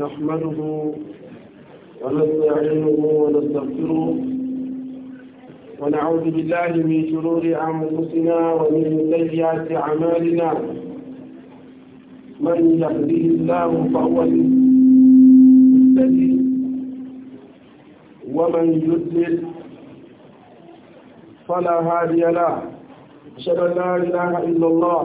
نحمده ونستعينه ونستغفره ونعوذ بالله من شرور أنفسنا ومن سيئات أعمالنا من يهديه الله فهو المهتدي ومن يضلل فلا هادي له أشهد أن لا إله إلا الله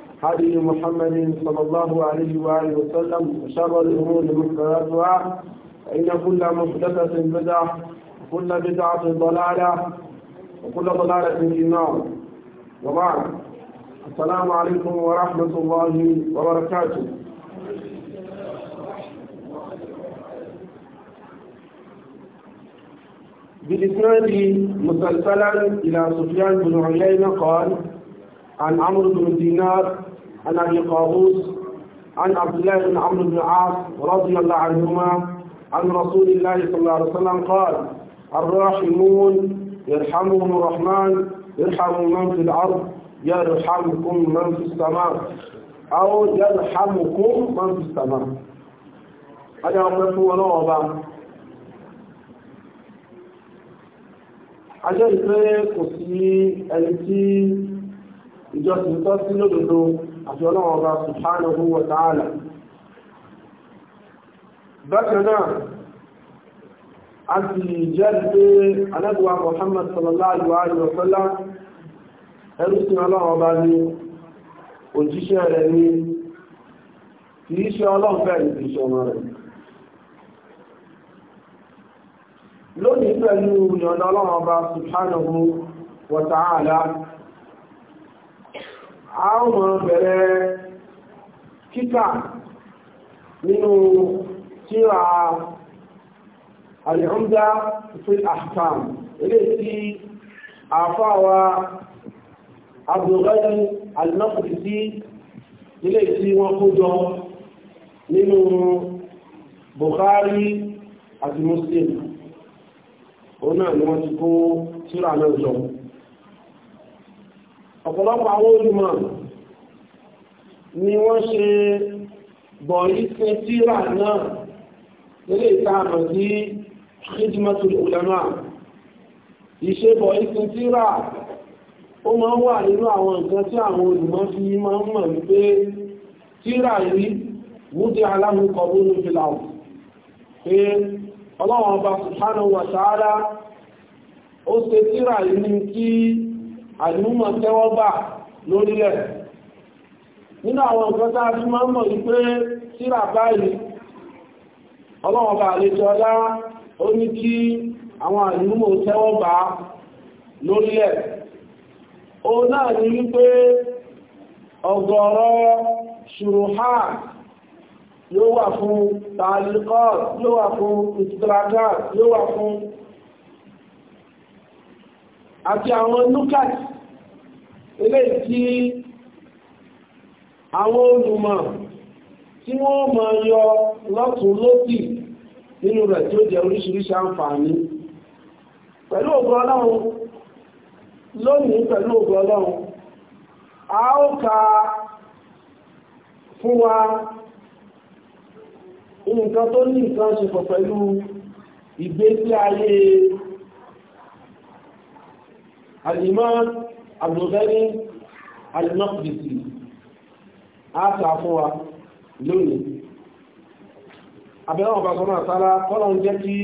حبيب محمد صلى الله عليه وآله وسلم وشر الأمور محدثاتها فإن كل محدثة بدعة وكل بدعة ضلالة وكل ضلالة في النار وبعد السلام عليكم ورحمة الله وبركاته بالإسناد مسلسلا إلى سفيان بن عيينة قال عن عمرو بن دينار عن أبي قابوس عن عبد الله بن عمرو بن العاص رضي الله عنهما عن رسول الله صلى الله عليه وسلم قال الراحمون يرحمهم الرحمن يرحم من في الأرض يرحمكم من في السماء أو يرحمكم من في السماء هذا أمرته ولا أبا ajẹ́ ìfẹ́ kò sí ẹni tí ìjọsìn àti ọlọ́run ọba subhanahu wa ta'ala bákan náà a ti jẹ́ pé anábíwá Muhammad sallallahu alaihi wa sallam ẹrú sí ọlọ́run ọba ní òjíṣẹ́ rẹ̀ ní kìí ṣe ọlọ́run fẹ́ ìgbìṣẹ́ ọmọ rẹ̀ a ó mọ̀ bẹ̀rẹ̀ kíkà nínú tíra alìhúndá fi ahkam ilé tí àfáwà abdulghani al-maqdisi ilé tí wọ́n kó jọ nínú bukhari àti muslim òun náà ni wọ́n ti kó tíra náà jọ ọ̀pọ̀lọpọ̀ àwọn olùmọ̀ ni wọ́n ṣe bọ̀rí fún tíra náà nílé ìtaàmà sí khidmatul ulama ìṣe bọ̀rí fún tíra ó máa ń wà nínú àwọn nǹkan tí àwọn olùmọ̀ fi máa ń mọ̀ wípé tíra yìí wúdí aláhùnkọ̀ ó ṣe tíra yìí ní kí àdìmúmọ̀ tẹ́wọ́ bà lórílẹ̀ nínú àwọn nǹkan tá a fi máa ń mọ̀ ní pé síra báyìí ọlọ́wọ́n bá àlejò ọlá ó ní kí àwọn àdìmúmọ̀ tẹ́wọ́ bà lórílẹ̀ o náà ní wípé ọ̀gọ̀rọ̀ ṣùrùhá yóò wà fún tààlìkọ́ yóò wà fún ìtìtìlágà yóò wà fún àti àwọn núkàtì eléyìí tí àwọn olùmọ̀ tí wọ́n mọ̀ yọ lọ́tún lókì nínú rẹ̀ tí ó jẹ oríṣiríṣi àǹfààní pẹ̀lú ògbọ́ ọlọ́run lónìí pẹ̀lú ògbọ́ ọlọ́run a ó ka fún wa nǹkan tó ní nǹkan ṣe pọ̀ pẹ̀lú ìgbésí ayé àlìmọ́ Abdulgani Al-Maqdisi á sà fún wa lónìí àbẹ̀rẹ̀ ọ̀bá sọ́nà sára kọ́lọ̀ ń jẹ́ kí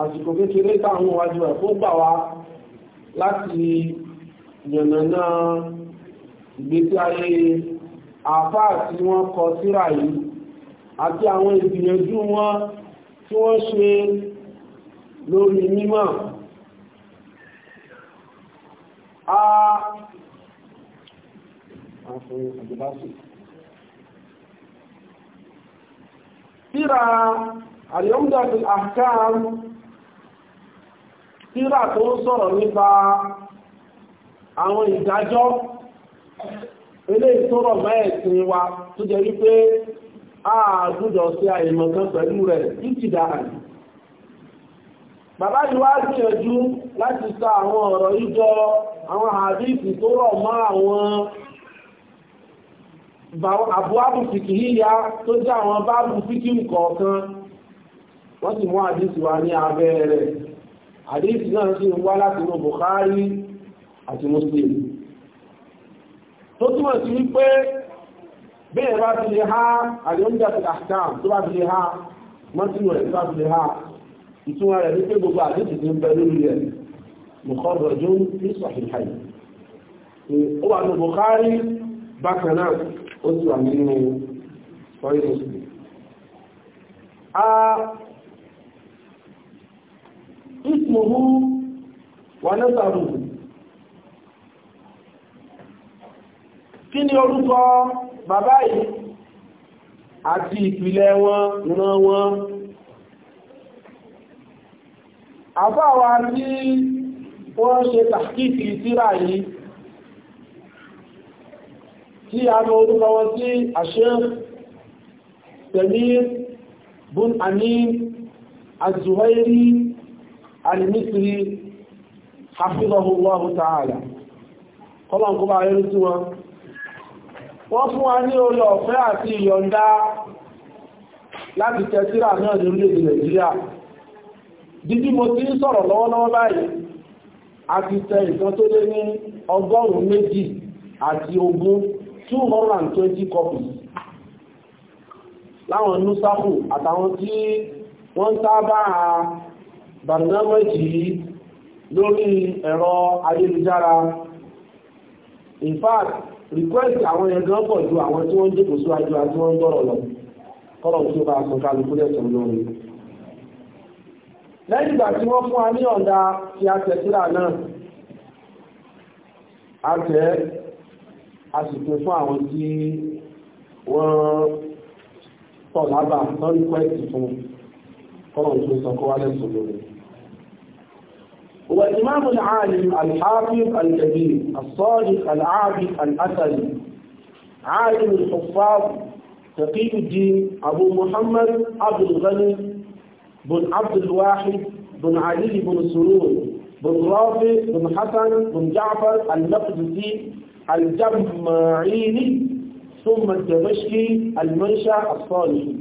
àsìkò kékeré táwọn wájú ẹ̀ fún gbà wá láti yànnàná ìgbésí ayé àfáà tí wọ́n kọ síra yìí àti àwọn ìgbìyànjú wọn tí wọ́n ṣe lórí mímọ̀ a àfin tíra tó sọ̀rọ̀ nípa àwọn ìdájọ́ ilé ìtọ́rọ̀ mẹ́ẹ̀sìn wa tó jẹ́ wípé a gbọ́dọ̀ sí pẹ̀lú rẹ̀ ìtìdá bàbá yìí wá gbìyànjú láti sọ àwọn ọ̀rọ̀ ìjọ àwọn àdíìsì tó rọ̀ mọ́ àwọn àbúwábù fìkì yíya tó jẹ́ àwọn báàbù fìkì kọ̀ọ̀kan wọ́n sì mú àdíìsì wá ní abẹ́ rẹ̀ àdíìsì náà sì ń wá láti inú Bukhari àti Muslim tó túmọ̀ sí wípé bẹ́ẹ̀ bá fi lè ha àdéhùn jáde àkàm tó bá fi lè ha mọ́tí rẹ̀ tó bá fi lè ha ìtumọ̀ rẹ̀ ní pé gbogbo àdéhùn ti ń bẹ lórí rẹ̀ mukharrajun fi sahihayn ó wà ní Bukhari bákan náà ó sì wà nínú sọ́yìn Muslim ismuhu wa nasabuhu kí ni orúkọ bàbá yìí àti ìpìlẹ̀ wọn ìran wọn àfáwà ní wọ́n ṣe tàkìtì tíra yìí tí a mọ orúkọ wọn sí àṣẹ Samir bun Amin az-Zuhairi al-Misri ta'ala kọlọ̀n kó bá yẹrù tí wọn wọ́n fún wa ní olọ ọ̀fẹ́ àti ìyọ̀ndá láti tẹ náà ní èdè Nàìjíríà dídí mo ti ń sọ̀rọ̀ lọ́wọ́lọ́wọ́ báyìí a ti tẹ ìkan tó lé ní ọgọ́rùn-ún méjì àti ogún 220 copies láwọn núsáfù àtàwọn tí wọ́n sábà barnameji lórí ẹ̀rọ ayélujára in fact request àwọn ẹ̀gbọ́n pọ̀ ju àwọn tí wọ́n jẹ́ kò síwájú àti wọ́n gbọ́rọ̀ lọ kọ́rọ̀ tí ó bá sọ lẹ́yìn ìgbà tí wọ́n fún wa ní ọ̀dá tí a tẹ̀ síra náà a tẹ̀ a sì pín fún àwọn tí wọ́n tọ̀ lábà tán ní pẹ́ẹ̀tì fún kọ́nà tó sọ kó wá lẹ́sùn lórí والإمام العالم الحافظ الكبير الصادق العابد الأثري عالم الحفاظ تقي الدين أبو محمد عبد الغني بن عبد الواحد بن علي بن سرور بن رافع بن حسن بن جعفر المقدسي الجمعيني ثم الدمشقي المنشا الصالحي.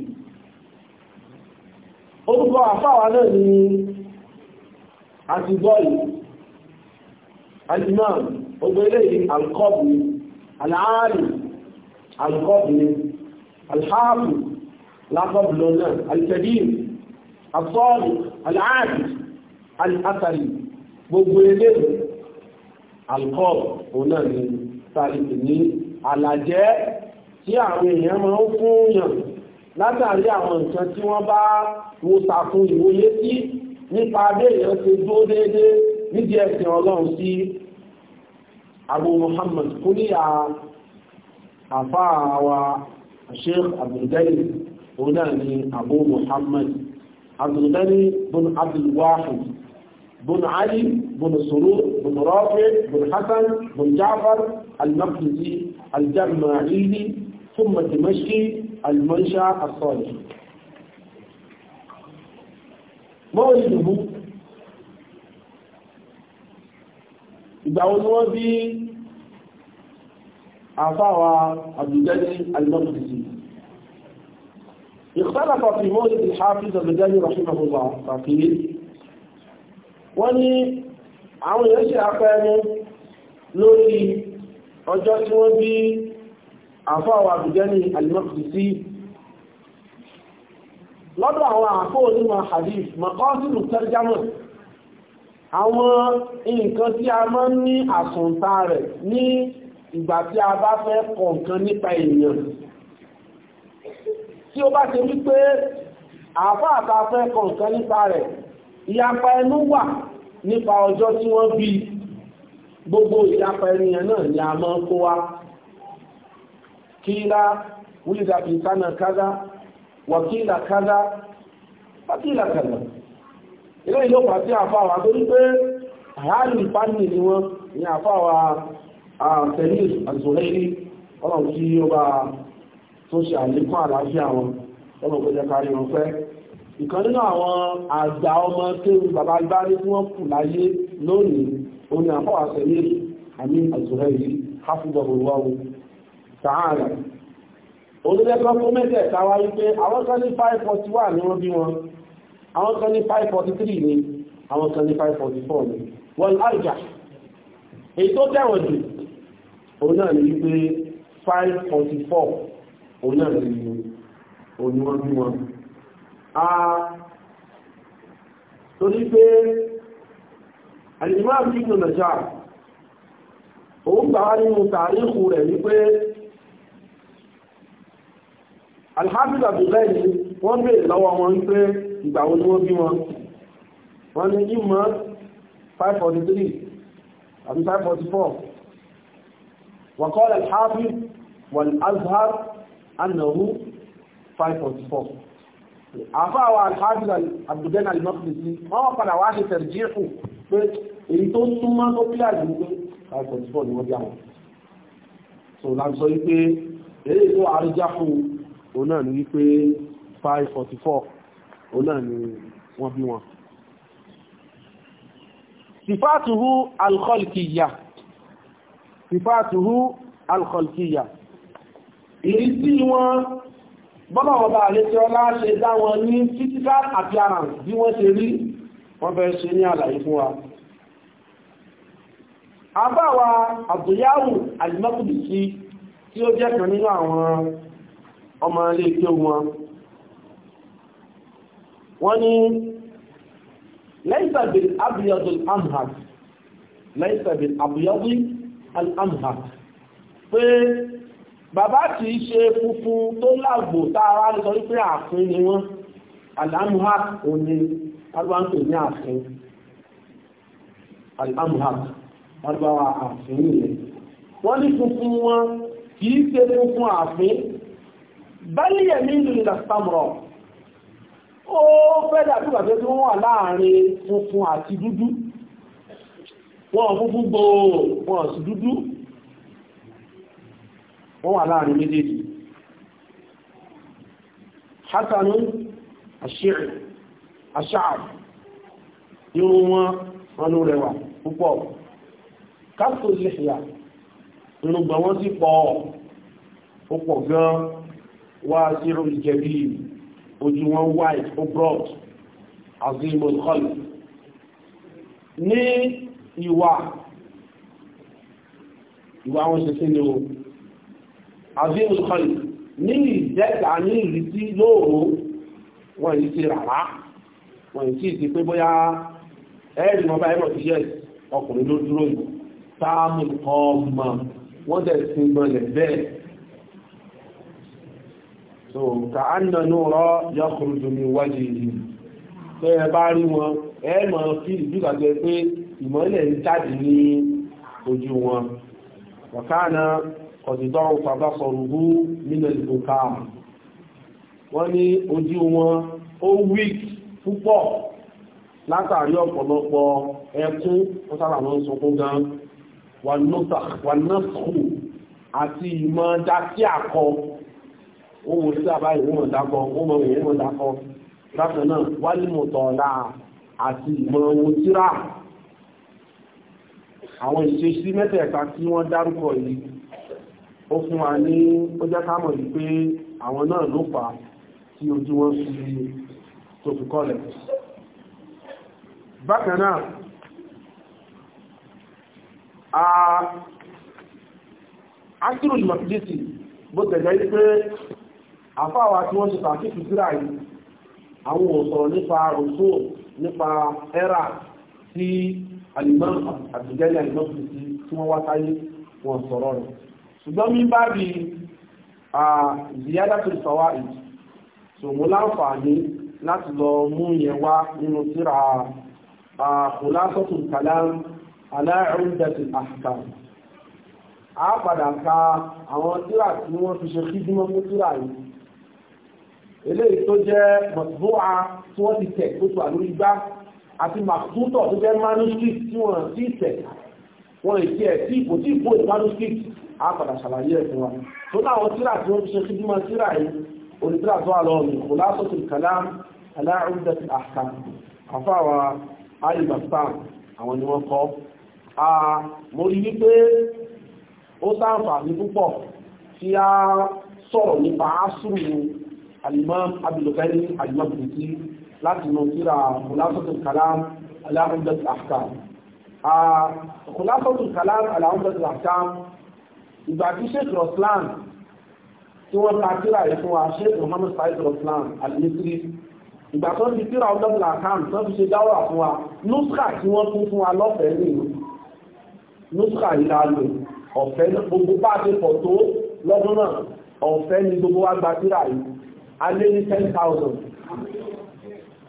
الصالح أرفع فعلني عزيزي الإمام أبيلي القبل العالم القبل الحافظ لا قبل الكبير àfọ́ọ̀lù aláàrí alásàrí gbogbo ilé alcohol òun náà ni tàbí ní alàjẹ́ tí àwọn èèyàn máa ń fún yàn látàrí àwọn nǹkan tí wọ́n bá wo sàkún ìwòye sí nípa abẹ́yàn ti dó déédé nídìí ẹ̀sìn ọlọ́run sí Abu Muhammad kúníyà àfáà wa Sheikh Abdul òun náà ni Abu Muhammad عبد الغني بن عبد الواحد بن علي بن سرور بن رافع بن حسن بن جعفر المقدسي الجماعيلي ثم دمشقي المنشأ الصالح ما ìgbà wọn ni wọ́n عبد àfáwà المقدسي اختلف في مولد الحافظ البجاني رحمه الله فقيل wọ́n ní àwọn èèyàn ṣe àpẹẹrẹ lórí ọjọ́ tí wọ́n bí àfáwà àbújẹ́ni al-Maqdisi lọ́dọ̀ àwọn àfó onímọ̀ hadith maqasid al-tarjama àwọn nǹkan tí a máa ń ní àsùntà rẹ̀ ní ìgbà tí a bá fẹ́ kọ̀ọ̀kan nípa èèyàn tí ó bá ṣe wípé àfá àtàfẹ́ kọ̀ọ̀kan nípa rẹ̀ ìyapa ẹnu wà nípa ọjọ́ tí wọ́n bí gbogbo ìyapa ẹniyàn náà ni a máa ń kó wá kíla wíìlà ìsáná kádá wàkílà kádá wàkílà kádá ilé ìlú pàtí àfáwà tó ní pé àárín ìpánì ni wọ́n ni àfáwà àtẹ̀lé àzòrẹ́rí ọlọ́run tí ó bá tó ṣe àlékún àlàáfíà wọn ọmọ òpèjẹ kárí wọn pẹ́ ìkan nínú àwọn àgbà ọmọ kéwù bàbá agbárí tí wọ́n kù láyé lónìí òní àfọwà sẹ́lẹ̀ àmì àzùrẹ́ yìí káfíńdọ̀ òwúwọ́wọ́ sàárà olùdẹ́kọ́ fún mẹ́tẹ̀ẹ̀ta wá wípé àwọn kan ní 541 ni wọ́n bí wọn àwọn kan ní 543 ni àwọn kan ní 544 ni wọ́n láìjà èyí tó tẹ̀wọ̀n jù òun náà ní wípé 544 òun náà ni òun wọn bí wọn a torí pé àìyíwá bí ìgbìmọ̀ nàìjà òun gbà wá nínú tàríkù rẹ̀ wípé alhábìlá bìbẹ́ẹ̀ni wọ́n bèèrè lọ́wọ́ wọn wípé ìgbà wo ni wọ́n bí wọn wọ́n ní ìmọ̀ 543 àbí 544 wọ́n kọ́ al-Hafiz wal annahu 544 àfáà wa alhajjá abdulgan al-maqdisi wọ́n padà wá ṣe tẹ̀rìjíhù pé èyí tó súnmọ́ tó kílà jù pé 544 ni wọ́n jà wọ́n so láti sọ wípé èyí tó àríjá fún òun náà ni wípé 544 òun náà ni wọ́n bí wọn sifatuhu alkhalkiyya sifatuhu alkhalkiyya ìrísí wọn bọ́bá wọn bá lè tí ọlá ṣe dá wọn ní physical appearance bí wọ́n ṣe rí wọ́n fẹ́ ṣe ní àlàyé fún wa àbáwa àbúyáwù àjùmọ́kùbìsí tí ó jẹ́ kan nínú àwọn ọmọ ilé ìpé wọn wọ́n ní ليس بالأبيض الأمهر ليس بالأبيض الأمهر pé bàbá kì í ṣe funfun tó lágbò tààrà nítorí pé ààfin ni wọ́n al'amuhak òní alwáńtò ní ààfin al'amuhak alwáwà ààfin ilẹ̀ wọ́n ní funfun wọn kì í ṣe funfun ààfin báyìí ẹ̀mí ìlú ìdàsítámọ̀rọ̀ ó fẹ́ dàbí bàbá tí wọ́n wà láàrin funfun àti dúdú wọ́n funfun gbòò wọ́n sì dúdú ó wà láàrin méjèèjì hasanu asha'ar irun wọn wọn rẹwà púpọ̀ káàkó lẹ́yà irùngbọ̀n wọn sì pọ̀ ó pọ̀ gan wá sí irun ìjẹ̀bí ojú wọn white ó broad azim olkhol ní ìwà ìwà wọn ṣe sí ni o àbí nǹkan ní ìjẹ́ta ní ìrítí lóòrò wọ́n yìí ti rárá wọ́n yìí ti pé bóyá ẹ̀rì mọ́bá ẹ̀rọ ti yẹ ọkùnrin ló dúró yìí táàmù ọmọ wọ́n tẹ̀ sí gbọ́lẹ̀ bẹ́ẹ̀ so ka á nà ní ọ̀rọ̀ yọkùnrin tó ní wájú yìí tẹ́ ẹ bá rí wọn ẹ mọ̀ sí ìdúgbàgbẹ́ pé ìmọ́lẹ̀ ń jáde ní ojú wọn wọ̀kánà ọ̀dìdọ́ pàbá sọ̀rùgbú nílẹ̀ ìgbòká wọ́n ní ojú wọn ó wík púpọ̀ látàrí ọ̀pọ̀lọpọ̀ ẹkún wọ́n sára wọn sunkún gan wànásù àti ìmọ̀ dátí àkọ ohun sí àbá ìwọ̀n dákọ ohun ìwọ̀n dákọ látọ̀ náà wálìmọ̀tọ̀ọ̀lá àti ìmọ̀ ohun tíra àwọn ìṣesí mẹ́tẹ̀ẹ̀ta tí wọ́n dárúkọ yìí ó fún wa ní ó jẹ́ ká mọ̀ wípé àwọn náà ló fà tí ojú wọn fi tó fi kọ́lẹ̀ bákan náà a ákìrù ìmọ̀kìlìsì bó tẹ̀lẹ̀ wípé àfáwà tí wọ́n ṣe pàtíkì síra yìí àwọn òsọ̀rọ̀ nípa òṣò nípa ẹ́rà tí alìmọ́ àtìjẹ́lẹ̀ alìmọ́ tí wọ́n wá táyé wọn sọ̀rọ̀ rẹ̀ ṣùgbọ́n mi bá bí ziyada tó sọwá ìdí so mo láǹfààní láti lọ mú yẹn wá nínú tírà khulasatul kalam ala umdatil ahkam a padà ka àwọn tírà tí wọ́n fi ṣe kíjúmọ́ mú tírà yìí eléyìí tó jẹ́ mọ̀tìbúwa tí wọ́n ti tẹ̀ tó tó àlórí gbá àti màkútọ̀ tó jẹ́ manuscript tí wọ́n ti tẹ̀ wọ́n èsì ẹ̀ tí ìbò tí ìbò manuscript á padà ṣàlàyé ẹ̀ fún wa tó láwọn tíra tí wọ́n fi ṣe kí bí máa tíra yìí onítíra tó wà lọ́wọ́ mi kò lásán tó kàlá aláàrúdà ti àkà àfáwà alibastan àwọn ni wọ́n kọ́ a mo rí wípé ó sáǹfààní púpọ̀ tí a sọ̀rọ̀ nípa asúrù alimam abdulkari alimabdulkari láti mọ̀ síra kòlásọ́tò kalam aláàrúdà ti ti àkà ìgbà tí sheikh roslan tí wọ́n ta tíra yìí fún wa sheikh mohammed said roslan alimitri ìgbà tó ti tíra ọlọ́pàá àkáǹtì tó fi ṣe dáwà fún wa nuska tí wọ́n tún fún wa lọ́fẹ̀ẹ́ nìyí nuska ìlà lò ọ̀fẹ́ gbogbo bá ti pọ̀ tó lọ́dún náà ọ̀fẹ́ ni gbogbo wa gba tíra yìí a lé ní ten thousand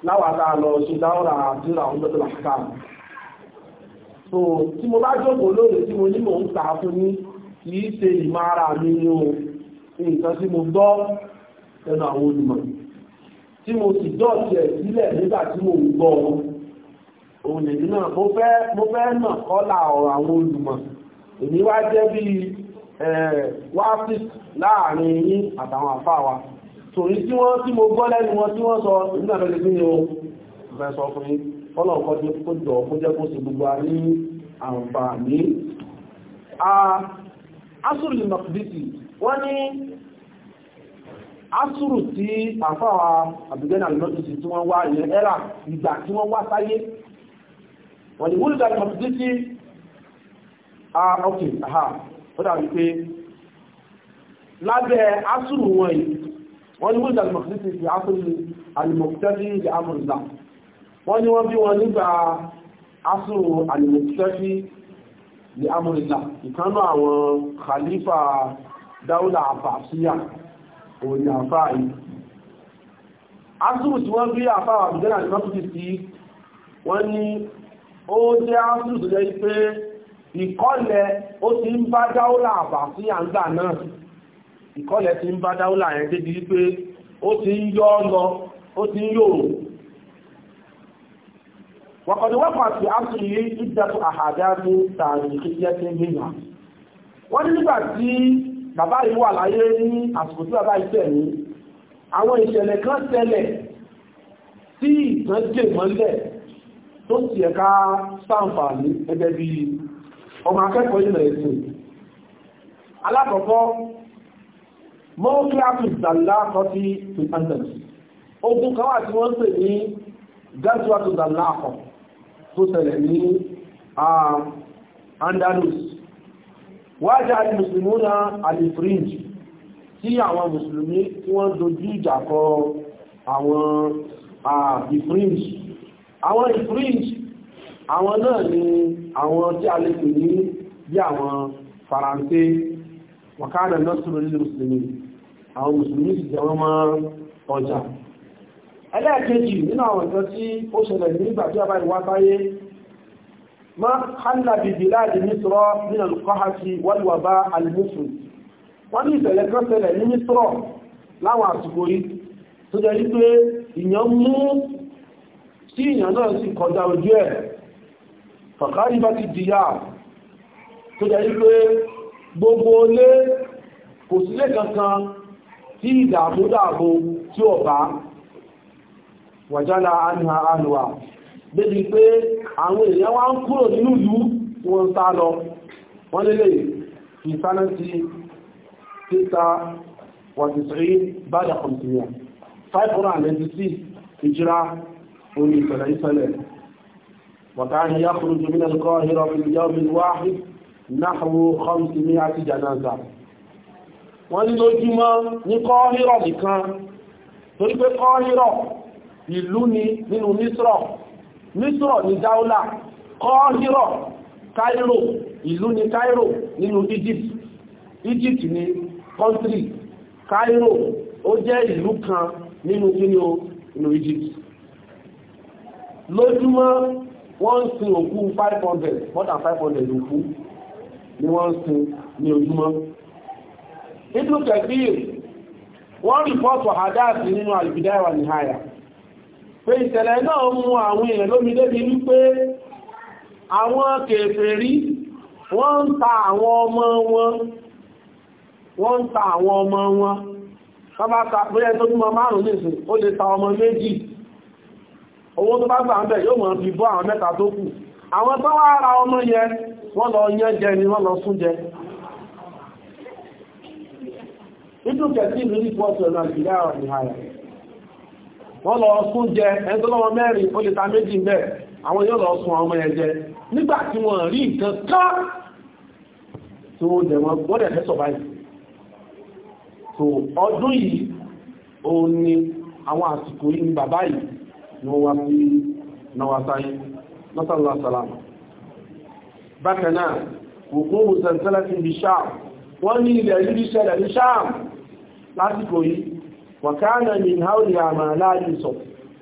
láwàtà lọ ṣe dáwà tíra ọlọ́pàá àkáǹtì tí mo bá jókòó lónìí tí mo ní mò ń ta fún yín kì í ṣe ìmọ̀ ara mi ní o nǹkan tí mo gbọ́ ẹnu àwọn olùmọ̀ tí mo sì dọ̀tí ẹ̀ sílẹ̀ nígbà tí mo ń gbọ́ òun nìyí náà mo fẹ́ mo fẹ́ nà kọ́là ọ̀rọ̀ àwọn olùmọ̀ èmi wá jẹ́ bí wáfíì láàrin yín àtàwọn àfáà wa torí tí wọ́n tí mo gbọ́ lẹ́nu wọn tí wọ́n sọ nígbà tó lè bí ní o fẹ́ sọ fún yín ọlọ́ọ̀kọ́ tí ó jọ kó jẹ́ kó sì gbogbo a ní àǹfààní asùrù lè mọ̀kùdìsì wọ́n ní asùrù tí àfáwà àbìgẹ́nà lọ́dúsì tí wọ́n wá ilẹ̀ ẹ́rà ìgbà tí wọ́n wá sáyé wọ́n ni wúlùdà lè mọ̀kùdìsì ah ok aha ó dàbí pé lábẹ́ asùrù wọn yìí wọ́n ni wúlùdà lè mọ̀kùdìsì ti asùrù alìmọ̀kùdìsì lè wọ́n ni wọ́n bí wọn nígbà asùrù alìmọ̀kùdìsì ní amúrìlà ìkánú àwọn khalifa dáúlà àfàṣíyà òní àfáà yìí asúrù tí wọ́n rí àfáà àbìdẹ́nà ní mọ́tútù sí wọ́n ní ó jẹ́ asúrù tó jẹ́ pé ìkọ́lẹ̀ ó ti ń bá dáúlà àfàṣíyà ńgbà náà ìkọ́lẹ̀ ti ń bá dáúlà yẹn débi wípé ó ti ń yọ́ lọ ó ti ń yòrò وقد وقع في عصره عدة أحداث تاريخية منها wọ́n ní nígbà tí bàbá yìí wà láyé ní àsìkò tí bàbá yìí tẹ̀lé àwọn ìṣẹ̀lẹ̀ kan ṣẹlẹ̀ tí ìtàn jẹ́ mọ́lẹ̀ tó sì ẹ̀ka sáǹfààní ẹgbẹ́ bí ọmọ akẹ́kọ̀ọ́ ilẹ̀ ẹ̀sìn alákọ̀ọ́kọ́ mọ́kíláàtù ìdàlá kọtí 2000 ogun kan wà tí wọ́n ń pè ní gẹ́sùwàtù ìdàlá àkọ́kọ́ tó ṣẹlẹ̀ ní um, Andalus wájá alìmùsùlùmúnà alìfríǹjì tí àwọn mùsùlùmí tí wọ́n dojú ìjà kọ àwọn ìfríǹjì um, àwọn ìfríǹjì àwọn náà ni àwọn tí a lè pè ní bí àwọn faransé wàkánà nọ́sùlùmí àwọn mùsùlùmí sì jẹ́ wọ́n mọ́ ọjà ẹlẹ́ẹ̀kejì nínú àwọn ìjọ tí ó ṣẹlẹ̀ nígbà tí a bá ìwá sáyé ma hàndà bìbì láàdì mísírọ̀ nínú alùkọ́hásí wàlúwàbá alìmúsùn wọ́n ní ìṣẹ̀lẹ̀ kan ṣẹlẹ̀ ní mísírọ̀ láwọn àsìkò yìí tó jẹ́ wípé ìyàn mú sí ìyàn náà sì kọjá ojú ẹ̀ fàkárí bá ti dìyà tó tí ìdààmú dààmú tí ọ̀bá wàjálà àníhà àlùwà débi pé àwọn èèyàn wá ń kúrò nínú ìlú wọn sá lọ wọ́n lélẹ̀ ìsánẹ́sì títà wàtìsírí bádà kọmtìyà 596 ìjírá orí ìṣẹ̀lẹ̀ ìṣẹ̀lẹ̀ وكان يخرج من القاهرة في اليوم الواحد نحو 500 جنازة wọ́n ní lójúmọ́ ní kọ́hírọ̀ nìkan torí pé kọ́hírọ̀ ìlú ni nínú mísírọ̀ mísírọ̀ ni dáúlà kọ́ọ́hírọ̀ Cairo ìlú ni Cairo nínú Egypt Egypt ni country Cairo ó jẹ́ ìlú kan nínú kíni o Egypt lójúmọ́ wọ́n ń sin òkú 500 more than 500 òkú ni wọ́n ń sin ní ojúmọ́ nínú kẹfíì wọ́n rìpọ́tù àdáàtì nínú àlùbídáyà wà ní háyà pé ìṣẹ̀lẹ̀ náà mú àwọn èèyàn lómi débi wípé àwọn wọ́n ta àwọn ọmọ wọn wọ́n ta ọmọ wọn sábà ta bóyẹ́ tó bímọ márùn-ún nìsìn ó ta ọmọ méjì owó tó bá gbà ń bẹ̀ yóò mọ̀ bí bọ́ àwọn mẹ́ta tó kù àwọn tó wá ara ọmọ yẹn wọ́n lọ wọ́n lọ sún jẹ ẹgbẹ́lọ́wọ́ mẹ́rin ó lè ta méjì mẹ́ àwọn yóò lọ sun ọmọ yẹn jẹ nígbà tí wọ́n rí nǹkan ká tí wọ́n dẹ̀ wọ́n gbọ́dẹ̀ fẹ́ sọ báyìí so ọdún yìí ó ní àwọn àsìkò yìí ní bàbá yìí ni wọ́n wá sí náwà sáyé lọ́sàlọ́ sàlámù bákan náà òkú òsànsẹ́lẹ́sì ní sáà wọ́n ní ilẹ̀ yìí ṣẹlẹ̀ ní sáà lásìkò yìí wàkánà ní haúlì àmà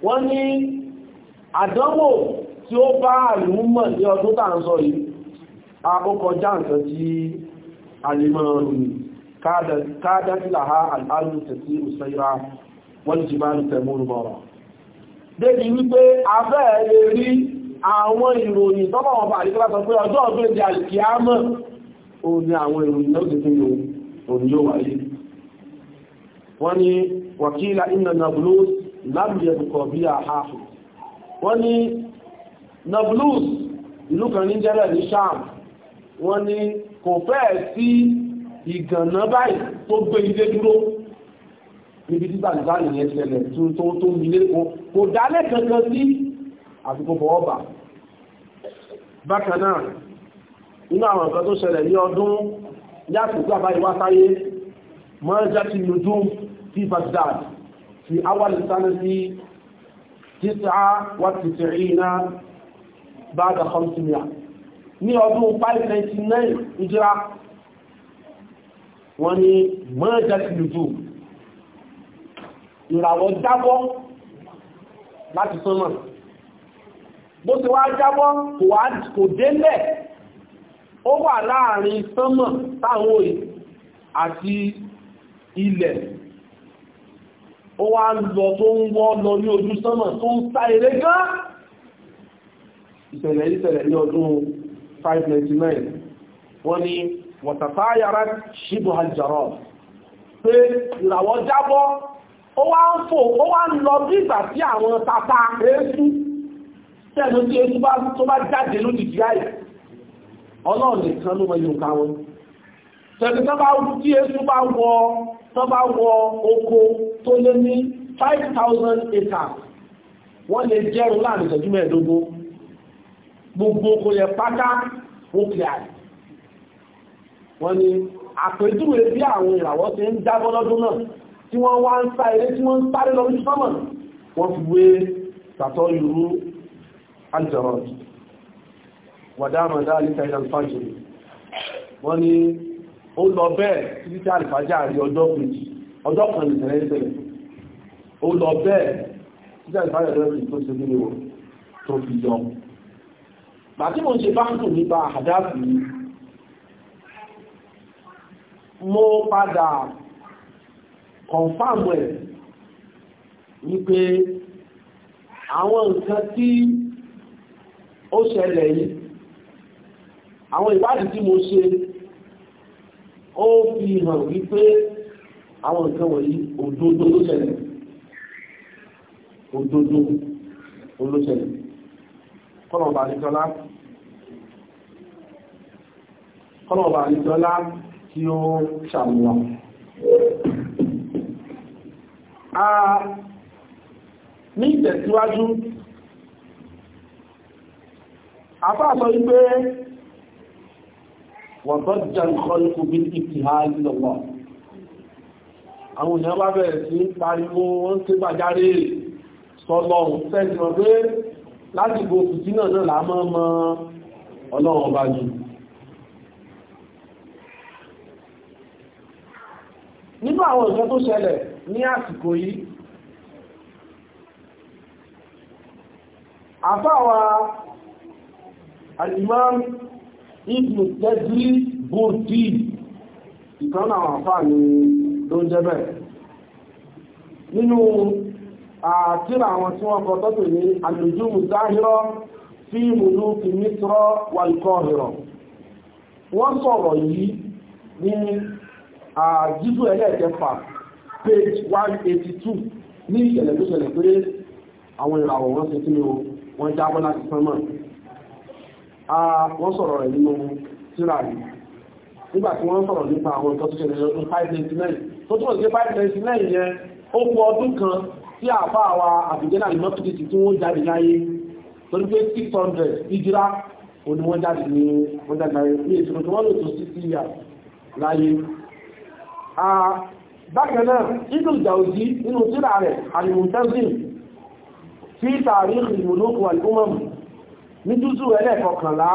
wọ́n ní àdánwò tí ó bá àlúmọ̀ ní ọdún tàà ń sọ yìí àkókọjá nǹkan tí alìmọ̀rùn kádàtíláha al'adu tẹ̀sí òsèrà wọ́n jì máa ń tẹ̀múrù mọ́ra débi wípé afẹ́ rí àwọn ìròyìn tọ́bọ̀ wọn bá àríkọ́lá sọ pé ọjọ́ ọdún ìdí alìkíámọ̀ o, ni àwọn ìròyìn náà ti wọ́n ní wàkílá iná nablus lábìyànkọ̀ bí a hafi wọ́n ní nablus ìlú kan ní jẹ́rẹ̀ ní sham wọ́n ní kò fẹ́ sí ìgànnà báyìí tó gbé ilé dúró níbi tí tàbí yẹn ṣẹlẹ̀ tó tó ilé kò dálẹ̀ kankan sí àfikò bọ̀ọ́bà bákanáà nínú àwọn nǹkan tó ṣẹlẹ̀ ní ọdún yàtùkú àbáyíwá sáyé mọ́ jákì lójú في بغداد في أول سنة تسعة وتسعين بعد خمسمائة ní ọdún 599 ìjírá wọ́n ni mọ́jẹ́ tìlújú ìràwọ̀ jábọ́ láti sánmà bó ti wá jábọ́ kò délẹ̀ ó wà láàrin sánmà táwọn òyìn àti ilẹ̀ ó wá lọ tó ń wọ́ lọ ní ojú sánmọ̀ tó ń sá eré gán ìṣẹ̀lẹ̀ ìṣẹ̀lẹ̀ ní ọdún 599 wọ́n ní wọ̀tàtà yàrá ṣíbò àjàrọ̀ pé ìràwọ̀ jábọ́ ó wá ń fò ó wá ń lọ bí ìgbà tí àwọn tata eéṣú tẹ́lú tí eéṣú bá jáde lójijì tẹ̀lé tó bá tí èsù bá wọ tó bá wọ oko tó lé ní 5,000 acres wọ́n lè jẹ́rù láàrin ìṣẹ́jú mẹ́ẹ̀dógún gbogbo oko yẹ pátá ó kì àì wọ́n ni àpèjúwe bí àwọn ìràwọ̀ ti ń dábọ́ lọ́dún náà tí wọ́n wá ń sá eré tí wọ́n ń sáré lọ lójú sọ́mọ̀ wọ́n fi wé tàtọ́ ìrú aljarot wàdá àmàdá alìkà ìlànfàjì wọ́n ni ó lọ bẹ́ẹ̀ títí tí àlìfájà rí ọjọ́ kejì ọjọ́ kan lè tẹ̀lé tẹ̀lé ó lọ bẹ́ẹ̀ títí àlìfájà rẹ̀ tó ṣe tó fi yọ bàtí mo ṣe bá nípa àdáàbì mo padà confam ẹ̀ wípé àwọn nǹkan tí ó ṣẹlẹ̀ yìí àwọn ìwádìí tí mo ṣe ó fi hàn wípé àwọn nǹkan wọ̀nyí òdodo ló ṣẹlẹ̀ òdodo ló ṣẹlẹ̀ kọ́lọ̀ọ̀bà àdìjọ́lá kọ́lọ̀ọ̀bà àdìjọ́lá tí ó ṣàmùwà a ní ìtẹ̀síwájú afáàsọ wípé wọ̀tọ́jà ìkọlùkù bí ìtìhá ìlọ̀pọ̀. Àwọn èèyàn bá bẹ̀rẹ̀ sí pariwo wọ́n tí gbàjáre sọ́lọ̀ fẹ́sìmọ̀ pé láti gbò fìtínà náà lámọ́ mọ́ ọlọ́run ọba jù. Nínú àwọn nǹkan tó ṣẹlẹ̀ ní àsìkò yìí, àfáwà al-Imam ibnu tẹ́jú bòdì ìkan àwọn àfáà ni ló ń jẹ́ bẹ́ẹ̀ nínú àtírà àwọn tí wọ́n kọ tọ́tù ní àlùjúmù záhírọ́ fi mùlú fi mítrọ́ wàlùkọ́hìrọ̀ wọ́n sọ̀rọ̀ yìí ní àjíjú ẹlẹ́ẹ̀kẹfà page 182 ní ìṣẹ̀lẹ̀ tó ṣẹlẹ̀ pé àwọn ìràwọ̀ wọ́n ṣe kí ni wọ́n jábọ́ láti sánmọ̀ wọ́n sọ̀rọ̀ rẹ̀ nínú síra yìí nígbà tí wọ́n sọ̀rọ̀ nípa àwọn ìtọ́jú ṣẹlẹ̀ lọ́dún 599 tó túnmọ̀ sí 599 yẹn ó kú ọdún kan tí àbá wa àbìjẹ́nà ìmọ́tòkìtì tí wọ́n jáde láyé torí pé 600 ìjírá ó ní wọ́n jáde ní wọ́n jáde láyé ní ìṣòro tí wọ́n lò tó sí sí ìyà láyé bákan náà ibùdó ìjàòjì nínú síra rẹ̀ àlìmùtẹ́sìn fi tààrí ìmúlòkù àlùmọ́mù ní júzù ẹlẹ́ẹ̀kọkànlá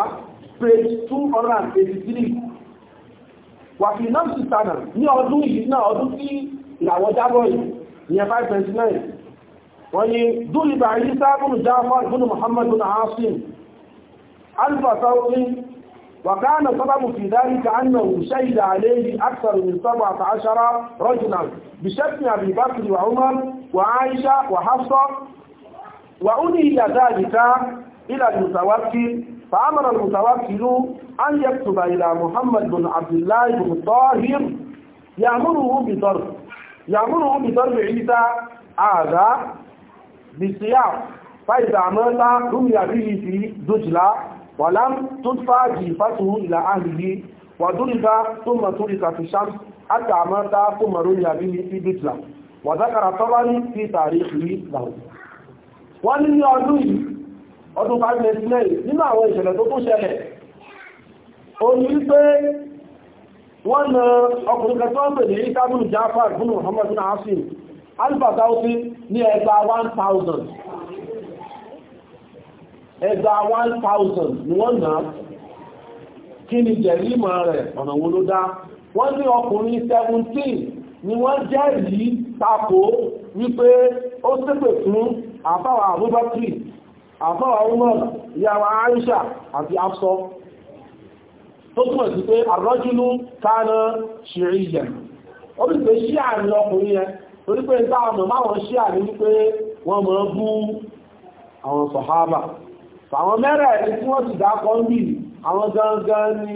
page 283 wàfí náà sì sànà ní ọdún yìí náà ọdún tí ìràwọ̀ jábọ̀ yìí ní 529 wọ́n ni dúlìbà yìí sáàbùnù jáfà ìbúnù Muhammad bin Asim alfa sauri وكان سبب في ذلك أنه شهد عليه أكثر من سبعة عشر رجلا بشتم أبي بكر وعمر وعائشة وحفصة وأنهي ذلك إلى المتوكل فأمر المتوكل أن يكتب إلى محمد بن عبد الله بن الطاهر يأمره بضرب يأمره بضرب عيسى هذا بالسياق فإذا عمل رمي به في دجلة ولم تدفع جيفته إلى أهله وضرب ثم ترك في الشمس حتى مات ثم رمي به في دجلة وذكر طبعا في تاريخه له ولن يعلم ọdún 589 nínú àwọn ìṣẹ̀lẹ̀ tó tó ṣẹlẹ̀ o ní wípé wọ́n na ọkùnrin kan tó ń pè ní ìtàbùn Jafar bin Muhammad bin Asim alifasauti ní ẹgbà 1000 ẹgbà 1000 ni wọ́n na kí ni jẹ̀rí ìmọ̀ rẹ̀ ọ̀nà wo ló dá wọ́n ní ọkùnrin 17 ni wọ́n jẹ́rìí tako wípé ó ṣépè fún àfáwà Abubakar àfọ́wà umar ìyàwó aisha àti afsọ tó túnmọ̀ sí pé àrọ́júlú káàná ṣìríyàn ó bí pé ọkùnrin yẹn torí pé ìtàwọn máwọn ṣíà wípé wọ́n mọ̀ bú àwọn sọ̀hábà àwọn mẹ́rẹ̀ tí wọ́n ti dákọ́ ń bì àwọn gangan ni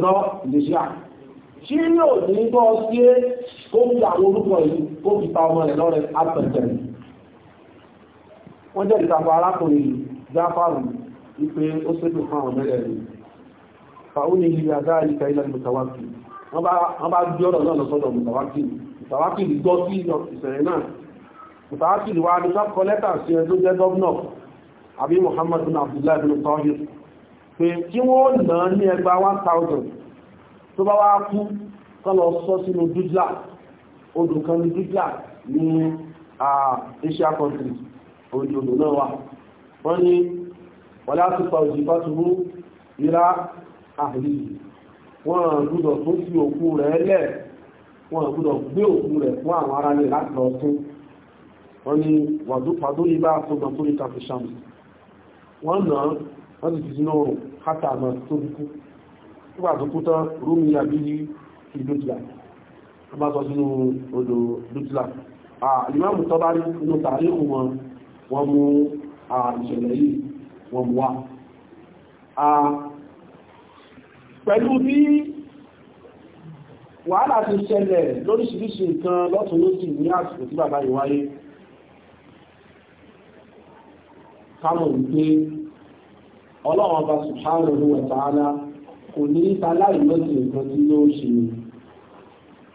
rọ ìdíṣà tí yóò ní gbọ́ sí é kó fi àwọn orúkọ yìí kó fi ta ọmọ rẹ̀ lọ́rẹ̀ apẹ̀tẹ̀ wọ́n jẹ́ ìtàkọ̀ arákùnrin jáfàrù wípé ó ṣépè fún àwọn mẹ́rẹ̀ rẹ̀ fàúnì ilẹ̀ àdáríkà ilẹ̀ mùtàwákì wọ́n bá gbé ọ̀rọ̀ náà lọ́sọ́dọ̀ mùtàwákì pé kí wọ́n nà ní ẹgbà 1000 tó bá wá kú kọ́lọ̀ sọ sínú dúdlá odò kan ní dúdlá ní Asia country orí odò náà wà wọ́n ní wọ́n láti pa òjìká túnú ìrá àrí wọ́n gbúdọ̀ tó sí òkú rẹ̀ lẹ̀ wọ́n gbúdọ̀ gbé òkú rẹ̀ fún àwọn ará lè láti lọ sí wọ́n ní wàdúpadó ibá tó tó ní kàfíṣàmù wọ́n náà wọ́n ti fi sínú ọrùn hátà àmà tó bí kú nígbà tó kú tán rúmi àbí fi dúkìá wọ́n bá sọ sínú odò dúkìá ìmáàmù tó bá rí inú tàríhù wọn wọ́n mú ìṣẹ̀lẹ̀ yìí wọ́n mú wá pẹ̀lú bí wàhálà ti ṣẹlẹ̀ lóríṣìíríṣìí nǹkan lọ́tún ní àsìkò tí bàbá yìí wáyé kámọ̀ wípé ọlọ́run ọba subhanahu wa ta'ala kò ní aláìmọ́sí nǹkan tí yóò ṣe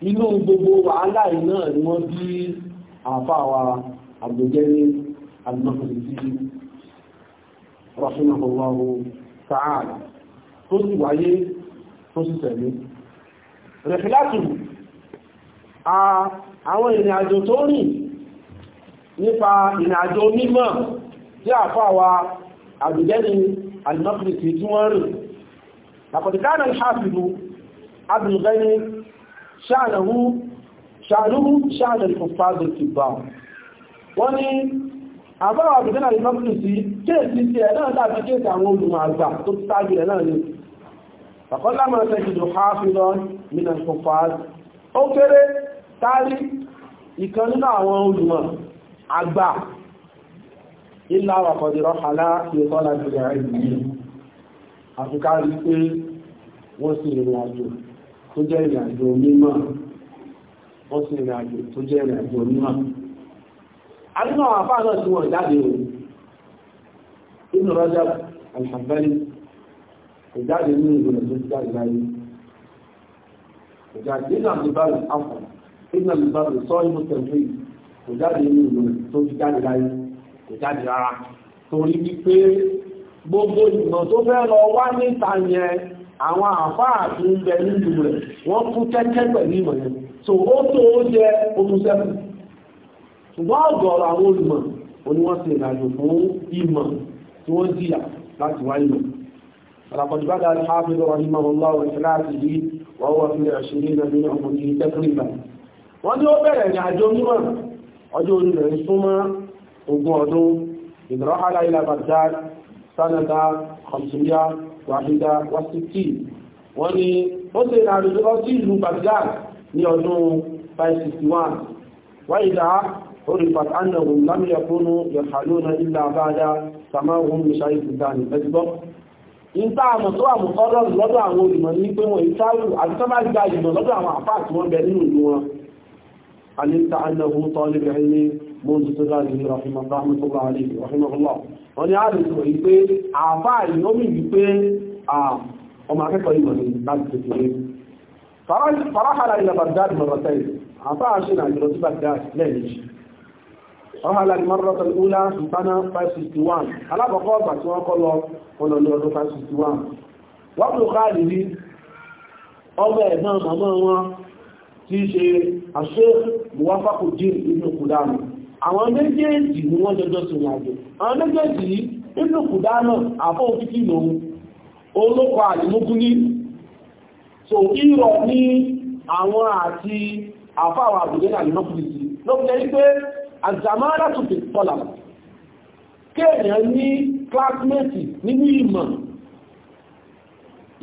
inú gbogbo wàhálà náà ni wọ́n bí àfáwà àgbẹ̀jẹ́rí alimọ́kùnrin rahimahullahu ta'ala tó sì wáyé tó sì tẹ̀lé rẹ̀fìlátù àwọn ìrìnàjò tó rìn nípa ìrìnàjò onímọ̀ tí al-maqdisi tí wọ́n rìn lakọ̀dìkánà al-hafidu abdul ghani ṣàlùhù ṣàlùhù kuffaz al-kibar wọ́n ní àbáwà abdul maqdisi kéèsì tí ẹ̀ náà dàbí kéèsì àwọn olùmọ̀ àgbà tó ti tájú ẹ̀ náà ni fàkọ́lá máa tẹ́jìdò hafidan min al-kuffaz ó kéré tárí ìkan nínú àwọn olùmọ̀ àgbà ilá àwàkọ̀dìrọ̀ aláàfíì tọ́lá ìgbà ìgbìyàn àfikà rí pé wọ́n sì ìrìn àjò tó jẹ́ ìrìn àjò mímọ̀ wọ́n sì ìrìn àjò tó jẹ́ ìrìn àjò mímọ̀ àdínà àfáà náà tí wọ́n jáde rẹ̀ inú rọ́jà alhambali kò jáde ní ìgbìyàn tó jáde láyé kò jáde nínú àdìbàrù afọ nínú àdìbàrù sọ́ọ́ ìmú kò jáde ní ìgbìyàn tó jáde láyé kò jáde rárá torí wípé gbogbo ìmọ̀ tó fẹ́ lọ wá níta yẹn àwọn àfáà tó ń bẹ nínú rẹ̀ wọ́n kú kẹ́kẹ́ pẹ̀lú ìmọ̀ yẹn so ó tó ó jẹ ṣùgbọ́n ọ̀gọ̀ọ̀rọ̀ àwọn olùmọ̀ oní wọ́n ìrìnàjò fún ìmọ̀ tí wọ́n jìyà láti wá ìmọ̀ wọ́n ní ó bẹ̀rẹ̀ ọjọ́ orí rẹ̀ súnmọ́ ogún ọdún ìdọ̀rọ̀hálà ilẹ̀ baghdad sanata khamsiya wahida wasiti wọ́n ní ó ṣe ìrìnàjò lọ sí ìlú baghdad ní ọdún 561 wáyìdá orifat annahum lam yakunu yalhaluna illa ba'da samahum mishayikh dani ẹgbọ́ ìta àmọ̀ tó àmọ̀ ọlọ́run lọ́dọ̀ àwọn olùmọ̀ ní pé wọ́n ìtàrù àti tọ́bá gba ìmọ̀ lọ́dọ̀ àwọn àpá àti wọ́n bẹ nínú ìlú wọn علمت أنه طالب علم منذ صغره رحمه رحمة الله عليه رحمه الله wọ́n ni a lè sọ ìpé àfáà ìlómi wípé ọmọ akẹ́kọ̀ọ́ ìmọ̀ ní láti kékeré farahara ilẹ̀ baghdad marratain àfáà ṣe na ìlọ sí baghdad lẹ́ẹ̀mejì ọ̀hàlà ìmọ̀rọ̀tà ìlúlá ìbáná 561 alábọ̀kọ́ ọgbà tí wọ́n kọ́ lọ ọ̀nà ní ọdún 561 wọ́n kò káàlì rí ọmọ ẹ̀gbọ́n màmá wọn tí ṣe àṣẹ́ muwafaqu dín inú kùdánù àwọn méjèèjì ni wọ́n jọjọ́ sí ìrìnàjò àwọn méjèèjì yìí inú kùdánù àfọ́ òfífì lòun olókọ àdìmúkún ní so ìrọ̀ ní àwọn àti àfáwà àbùdé náà lọ́pùlìsì lọ́pùlẹ̀ wípé àzàmára tó fi tọ́lá kéèyàn ní kílásímẹ́tì nínú ìmọ̀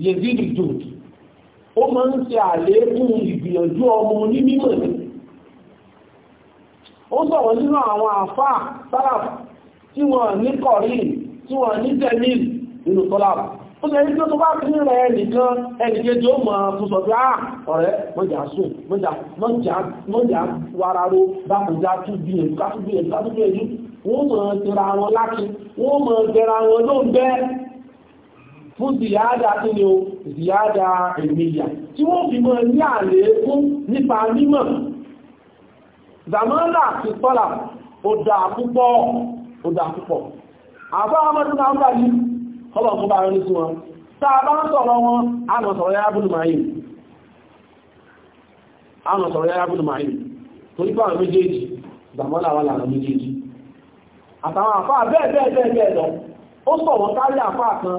yezidi dùdù ó máa ń ṣe àlékún ìgbìyànjú ọmọ onímọ̀ ni ó sọ̀rọ̀ nínú àwọn àfáà sáràf tí wọ́n ní kọ̀rí tí wọ́n ní tẹ́lìl nínú sọ́làf ó sẹ́rí tí ó tó bá fi ní rẹ̀ nìkan ẹnìkejì ó mọ̀ tó sọ wọ́n mọ̀ tẹ́ra wọn láti wọ́n mọ̀ tẹ́ra wọn ló fún ìyáàdá tó ní o ìyáàdá èmìyà tí wọ́n fi mọ́ ní àlékún nípa mímọ̀ zamana ti tọ́lá ọ̀dà púpọ̀ ọ̀dà púpọ̀ àbá amọ́dún náà ń bá yí ọlọ́ fún bá rẹ̀ sí wọn tá a bá ń sọ̀rọ̀ wọn ànàsọ̀rọ̀ yára bùn máyé torí bá àwọn méjèèjì zamana wà lára méjèèjì àtàwọn àfáà bẹ́ẹ̀ bẹ́ẹ̀ bẹ́ẹ̀ lọ ó sọ̀wọ́n kárí àfáà kan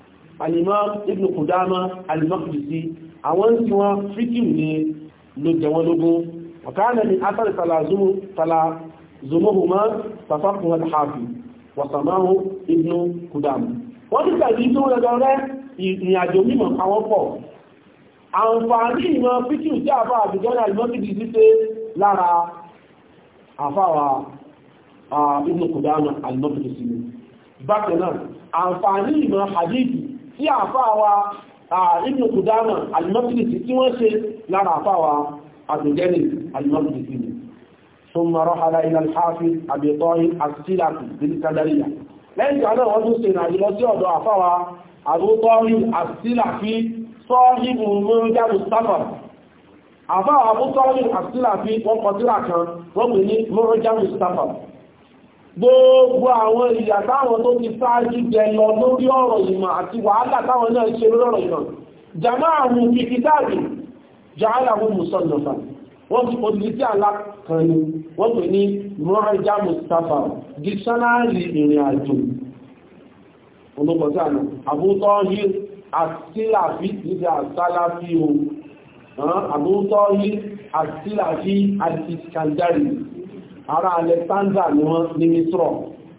al-Imam Ibn Qudama al-Maqdisi àwọn tí wọ́n fíkìm ní ló jẹ wọ́n lógún ọ̀kánà ni asari talazumohuma tafakuhu al-Hafiz wasamahu Ibn Qudama wọ́n ti tàbí tó rẹ̀ ìrìnàjò mímọ̀ àwọn pọ̀ àǹfààní ìmọ̀ fíkìm tí àfà àbìjọ́nà al-Maqdisi ti ṣe lára àfàwà ah, Ibn Kudama al-Maqdisi bákan náà àǹfààní ìmọ̀ hadithi tí àfáàwà Ibn Qudama al-Maqdisi tí wọ́n ṣe lára àfáàwà àdùjẹ́lì al-Maqdisi ni ثم رحل إلى الحافظ أبي طاهر السلفي بالقدرية lẹ́yìn tí a náà wọ́n tún ṣe ìrìnàjò lọ sí ọ̀dọ̀ àfáwà Abu Tahir as-Silafi sọ́ọ̀hìbù mọ́jáde sáfàrà àfáwà Abu Tahir as-Silafi wọ́n kọ tírà kan wọ́n pè ní mọ́jáde sáfàrà gbogbo àwọn ìyà táwọn tó ti sáájú jẹ lọ lórí ọ̀rọ̀ ìmọ̀ àti wàhálà táwọn náà ṣe lórí ọ̀rọ̀ ìmọ̀ jama àwọn kìkì dáàbì jàálà wọn mùsọ̀lọ̀fà wọ́n ti pọ̀lú sí alákanni wọ́n pè ní mọ́rájá mustapha dictionary ìrìn àjò olókọ̀tà àbútọ́ yìí àtílàfí ìdí àtàláfí o àbútọ́ yìí àtílàfí àti skandari ará Alexander ni wọ́n ní Misro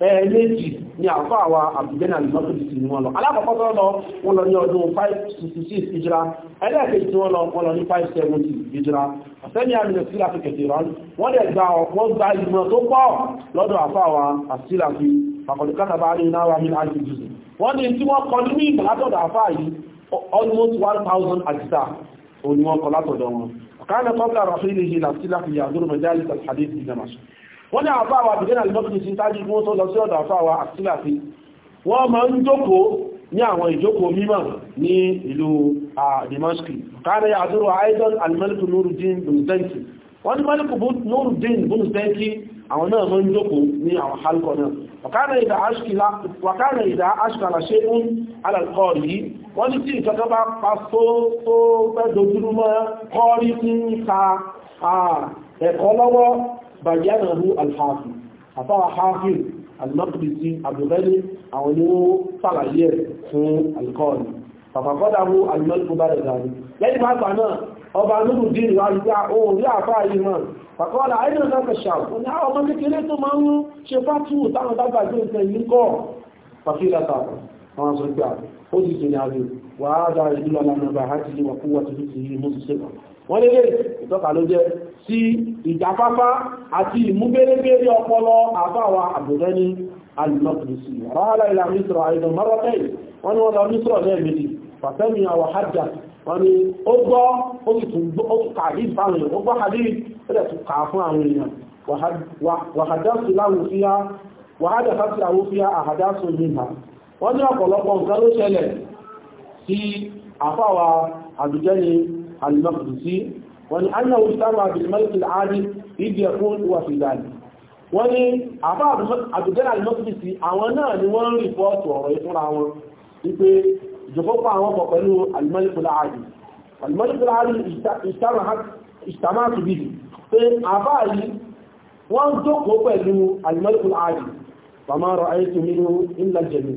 ẹ̀ẹ́mẹ́jì ni àfọ́ àwa àbúgbẹ́nà alimọ́tòdìsì ni wọ́n lọ alákọ̀ọ́kọ́ tó lọ wọ́n lọ ní ọdún 566 ìjìra ẹlẹ́ẹ̀kejì tí wọ́n lọ wọ́n lọ ní 570 ìjìra àfẹ́ni àmì sílá fi kẹ̀kẹ́ rán wọ́n lẹ̀ gba ọ̀pọ̀ gba ìmọ̀ tó pọ̀ lọ́dọ̀ àfọ́ àwa àsílà fi pàkọ̀lùkátà bá rí náà wà ní àti jùsù wọ́n ní tí wọ́n kọ ní ìgbà látọ̀dọ̀ àfáà yìí almost 1000 àjíṣà òní wọ́n kọ látọ̀dọ̀ wọn ọ̀kánà tọ́gbà rọ̀fíìlì hìlà sílá fi yàdúrù mẹ́jálì tàbí hadith ìdàmàṣù wọ́n ní àbá àwọn àbìdẹ́nà lọ́pìtì sí tájú kí wọ́n tó lọ sí ọ̀dọ̀ àfáwà àtìláfi wọ́n máa ń jókòó ní àwọn ìjókòó mímọ̀ ní ìlú Dimashki káàrẹ àdúrò aidan almaliku nurudin bunzdenki wọ́n ní maliku nurudin bunzdenki àwọn náà máa ń jókòó ní àwọn halkọ̀ náà wàkánà ìdá ashkala ṣe ń alalkọ́ọ̀lì yìí wọ́n ní tí ìjọba bá pa tó fẹ́ dojúrú mọ́ kọ́ọ̀rí ń ta ẹ̀kọ́ lọ́wọ́ bàyánàrú alhafi àfáwà hafi almakdisi abdulbani àwọn ni ó sàlàyé fún alkọ́ọ̀lù pàpàkọ́dàwó alimọ́lùkù bá rẹ̀ dàrí lẹ́yìn bá gbà náà ọba lóòrùn dín ìwà ìgbà ohun rí àfáà yìí mọ́ pàkọ́ọ̀lá àìdàn náà kẹsà ní àwọn ọmọ kékeré tó máa ń ṣe fátúwù táwọn dágbà gbé nǹkan yìí kọ́ pàfílàtà àwọn sọ pé ó sì ṣe ní àjò wàá dára ìlú alámọ̀bà àti wọ́n lè lè ìtọ́ka ló jẹ́ sí ìjàfáfá àti ìmúgbélégbélé ọpọlọ àbáwa àbùdẹ́ni alìmọ́kìlìsì rọ́hálà ilà mísọ̀ àìdàn mọ́rọ́tẹ́ wọ́n ni wọ́n lọ mísọ̀ lẹ́ẹ̀mejì fàtẹ́mì àwọ̀ hajjá wọ́n ni ó gbọ́ ó sì tún gbọ́ المقدسي وأنه سمع بالملك العادل إذ يكون هو في ذلك wọ́n ní àbá àbùjẹ́lá alìmọ́sílìsì àwọn náà ni wọ́n ń rìpọ́ọ̀tù ọ̀rọ̀ ìfúnra wọn wípé ìjọpọ̀pọ̀ àwọn pọ̀ pẹ̀lú alìmọ́lìkùláàdì alìmọ́lìkùláàdì ìtàmáàtù bìí pé àbá yìí wọ́n jókòó pẹ̀lú alìmọ́lìkùláàdì bàmá rọ ayétu nínú ilẹ̀ jẹ̀mí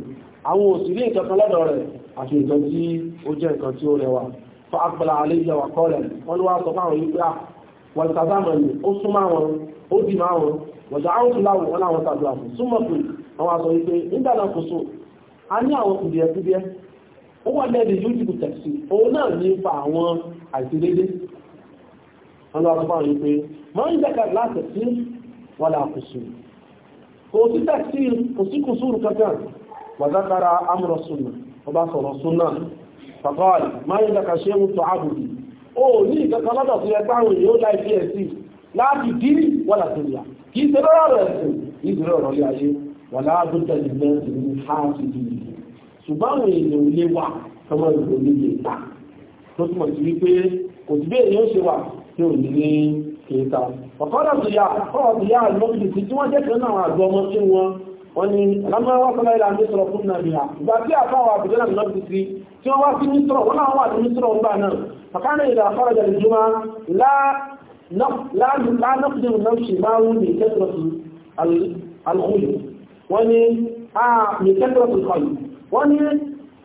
àwọn òsìrí nǹkan kan فأقبل علي وقال wọ́n ló wá sọ fáwọn yìí pé à wọ́n tàbí ní ó súnmọ́ àwọn ó dì máa wọn wọ̀já àwọn tó láwọn wọn láwọn tàbí àwọn súnmọ́ pé àwọn àsọ wípé nígbà náà kò so a ní àwọn kùdìẹ̀ kùdìẹ̀ ó wà lẹ́ẹ̀dẹ̀ yóò jìbù tẹ̀sí òun náà ní fa fàkọ́ọ̀lì máa yẹ́ lẹ́ka ṣe mú tó àbùdì ó ní ìkẹ́kọ́ lọ́dọ̀ tó yẹ táwọn èèyàn ó láì fíẹ̀ sí láti dìrì wọ́là tó yà kì í ṣe lọ́rọ̀ rẹ̀ sùn kì í ṣe lọ́rọ̀ lé ayé wà láàbù tẹ̀lé mẹ́rin ní háàsì dìrì ṣùgbọ́n àwọn èèyàn ò lé wà tọmọ ìlú ní lè ta tó túmọ̀ sí wípé kò sí bí èèyàn ṣe wà tí ò ní ní kéta ọ̀kọ́dọ̀ tó yà ọ̀rọ̀ tó yà lọ́bìdì wọ́n ni alámọ́wọ́ sọ́lá ilẹ̀ àti sọ̀rọ̀ fún nàìjíríà ìgbà tí àfáwà àbújá náà lọ́dún sí tí wọ́n wá sí mísírọ̀ wọ́n náà wà ní mísírọ̀ ń bà náà fàkánà ìdà àfárajà ìjọba lánàfíìmù náà ṣe máa ń ní kẹ́tọ̀ọ̀tù alhulu wọ́n ni a ní kẹ́tọ̀ọ̀tù kọlù wọ́n ni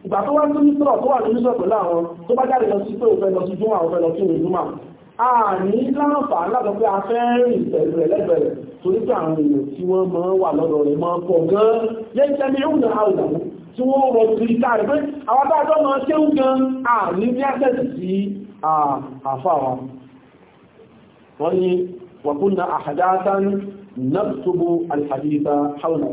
ìgbà tó wá sí mísírọ̀ tó wà ní mísírọ̀ pẹ̀lú àwọn tó bá jáde lọ sí pé òfẹ́ lọ sí júmọ̀ àwọn fẹ́ lọ sí ìrìnjúmọ̀ a ní láǹfà lábọ̀ pé a fẹ́ rìn pẹ̀lú ẹlẹ́gbẹ̀rẹ̀ torí pé àwọn èèyàn tí wọ́n máa wà lọ́dọ̀ rẹ̀ máa pọ̀ gan-an lẹ́yìn tẹ́lẹ̀ yóò nà áwùdà tí wọ́n rọ̀ kiri káàrí pé àwọn àtàjọ́ máa ṣéhù gan àní ní àṣẹ́sì sí àfà wọ́n ní wàkúnna àhàdáátán nàbùtòbò alhadita haúnà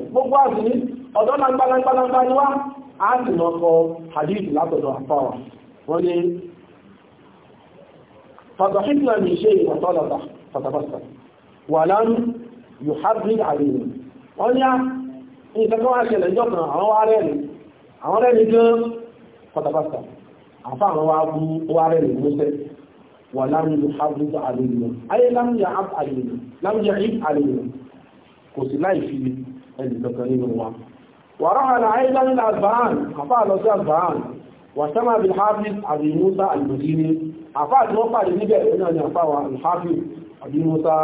yóò hábí àríwá wọ́n ní ìtẹ́kọ́ ah, àṣẹlẹ̀ ìjọ́kan àwọn wá rẹ̀ àwọn rẹ̀ gan pátápátá àfá àwọn wá bú wá rẹ̀ mọ́sẹ̀ wà láàrin yóò hábí àríwá ayé láàrin yà áb àríwá láàrin yà íb àríwá kò sí láì fi ẹnì kankan nínú wa wà rọ́ àlà ayé láàrin àgbáhàn àfá wọ́n pàdé níbẹ̀ náà ni àfá wa àlùhábí àbí Musa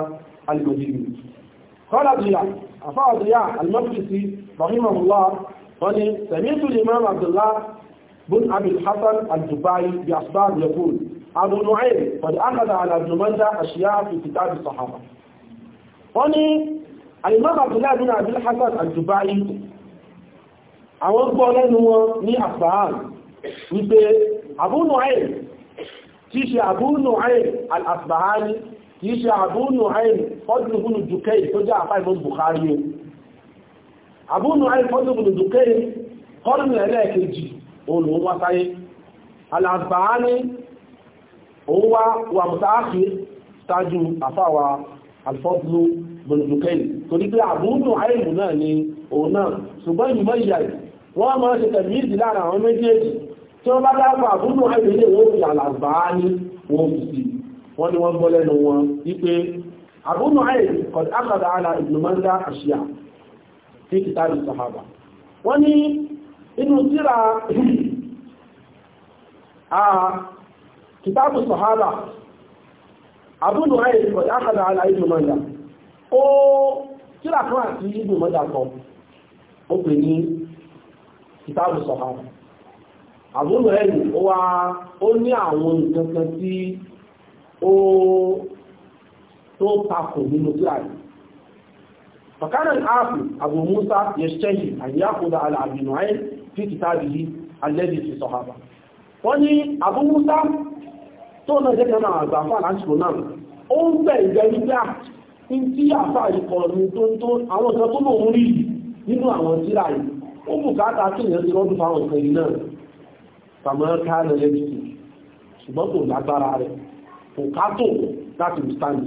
قال عبد ضياء أفاء ضياء المجلسي رحمه الله قال سمعت الإمام عبد الله بن عبد الحسن الدبائي بأسباب يقول أبو نعيم قد أخذ على ابن مندى أشياء في كتاب الصحابة قال الإمام عبد الله بن أبي الحسن الدبائي àwọn gbọ́ lẹ́nu wọn ní àfàán wípé Abu Nu'aym tí ṣe Abu kìí ṣe àbúnù àìn fọ́dúnbùnù dùkẹ́ tó jẹ́ àfá ìbọn Bukhari o àbúnù àìn fọ́dúnbùnù dùkẹ́ kọ́rùnù ẹlẹ́ẹ̀kejì olùn wá sáyé alàbáání òun wá wà mùsáàkì tájú àfáwà alfọ́dúnù dùkẹ́ torí pé àbúnù àìn náà ni òun náà ṣùgbọ́n ìmọ̀ ìyà wọ́n máa ṣe tẹ̀míìdì lára àwọn méjèèjì tí wọ́n ni wọ́n gbọ́ lẹ́nu wọn wípé àbúrò àìrí kọ̀dí àkàdà àlà ìgbìmọ̀ndà àṣíyà tí kìtà lè sàhábà wọ́n ni inú tíra kìtà lè sàhábà àbúrò àìrí kọ̀dí àkàdà àlà ìgbìmọ̀ndà ó tíra kan àti ìgbìmọ̀ndà kan ó pè ní kìtà lè sàhábà àbúrò àìrí ó wá ó ní àwọn nǹkan kan tí ó tó takò nínú tíráì fàkánà áàpù Abu Musa yẹ̀ṣẹ́yì àyíyàkódà alàbìnàáyé fi kìtàbí alẹ́bì ti sọ̀hábà wọ́n ní Abu Musa tó náà jẹ́ kẹ́nà àgbàfà lásìkò náà ó ń bẹ̀ ìgbẹ̀ nígbà tí àfà ìkọ̀ ní tó ń tó àwọn ìkan tó lòun rí nínú àwọn tíráì ó kò kátó láti wùstánì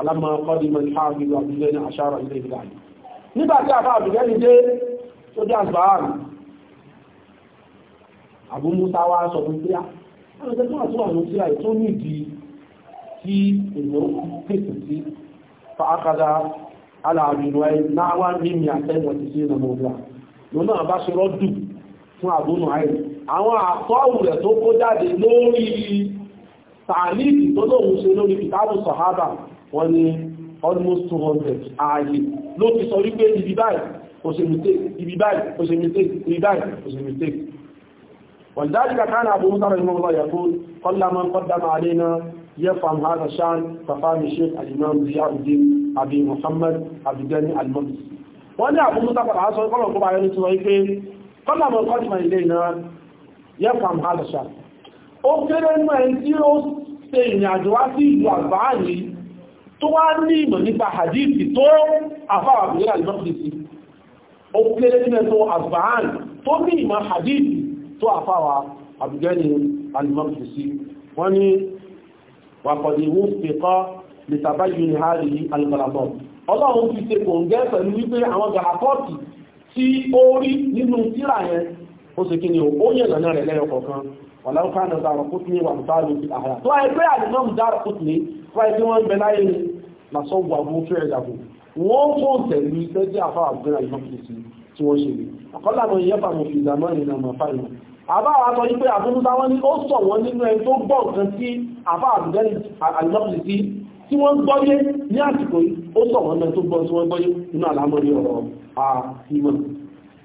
alámọ́ kọ́dìmọ̀ ìfáàbílò àbúlé ní àṣàrọ̀ ilé ìgbàlẹ̀ nígbàtí àfá àbúgẹ́ni dé tó dé àgbàárù àbúmúsá wá sọ fún pé ah, àwọn tó àtúwà ló sí àìtó nídi tí èèyàn pèsè sí fàákàdá aláàbìnú ẹ náà wá ní mi àtẹ́wọ̀n ti sí ìrìnàmọ̀ ọ̀gbà lónà bá ṣe rọ́dù fún àbúnú àìrí àwọn àtọ́wù rẹ̀ tó kó jáde lórí tààlìdì tó lóòun ṣe lórí ìtàbù sọ̀hábà wọ́n ní almost 200 ààyè ló ti sọ wípé ibi báyìí ó ṣe mistake ibi báyìí ó ṣe mistake ibi báyìí ó ṣe mistake ولذلك كان أبو موسى رحمه الله يقول كل من قدم علينا يفهم هذا الشأن فقام الشيخ الإمام ضياء الدين أبي محمد أبي جاني المقدسي wọ́n ní àbúrú tàbí àṣọ ìkọ́lọ̀ kó bá yẹn tí wọ́n pé kọ́lọ̀mọ̀ kọ́lọ̀mọ̀ ilé iná yẹ́fàm hálàṣà ó kéré mọ́ ẹni tí ó ṣe ìrìn àjò wá sí ìlú àgbáàrí tó wá ní ìmọ̀ nípa hadithi tó àfáwà bìíra ìlọ́pìsì ó kéré nílẹ̀ tó àgbáàrí tó ní ìmọ̀ hadithi tó àfáwà àbúgẹ́ni alìmọ́pìsì wọ́n ní wàkọ̀dì wọ́n fi kọ́ lìtàbáyù ní hàrí alìgbàlàbọ̀ ọlọ́run fi ṣe kò ń gẹ́ pẹ̀lú wípé àwọn gàlàkọ́ọ̀tì ni ó yẹ̀ lọ́nà rẹ̀ lẹ́yọ wọ̀láwó kánà dára kó tún wà mùsáàlù sí àhàyà tó àìpé àdìmọ́mù dára kó tún ní fúráì tí wọ́n bẹ láyé lásọ́gbà fún fẹ́rẹ̀ dàbò wọ́n kó tẹ̀lú tẹ́jú àfáà àgbẹ̀rẹ̀ àìmọ́kìtì tí wọ́n ṣe lè àkọ́lá àwọn ìyẹ́fà mọ̀ fi ìdàmọ́ ìrìnà mọ̀ fáìmọ̀ àbá àwọn aṣọ wípé àfúnúta wọ́n ní ó sọ wọ́n nínú ẹni tó gbọ́ nǹkan tí àfá àbùdẹ́rì àlọ́pìsì sí tí wọ́n gbọ́yé ní àsìkò yìí ó sọ wọ́n mẹ́rin tó gbọ́ tí wọ́n gbọ́yé nínú àlámọ́rí ọ̀rọ̀ àfihàn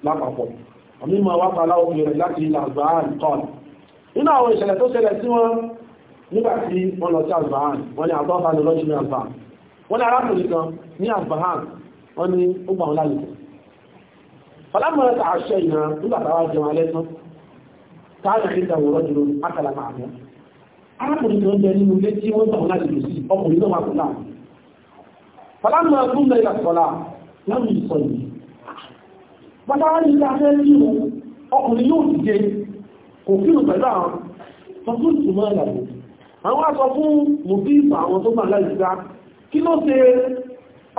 lápapọ̀ àmì máa wá pa aláwọ̀ fi rẹ̀ láti ilà àgbà àìkọ́ọ̀lù nínú àwọn ìṣẹ̀lẹ̀ tó ṣẹlẹ̀ sí wọn nígbàtí wọ́n lọ sí albahan wọ́n ni àgbọ́fà lọ lọ́jú ní albahan wọ́n ni arákùnrin kan ní albahan wọ́n ni ó gbà wọn lálejò falamọ́ta àṣẹ ìná nígbàtàwà jẹun alẹ́ tán kò kírù pẹ̀lú àwọn tọ́tún ìtumọ̀ ìyàwó àwọn aṣọ fún mùsíìsì àwọn tó máa láìsíká kí ló ṣe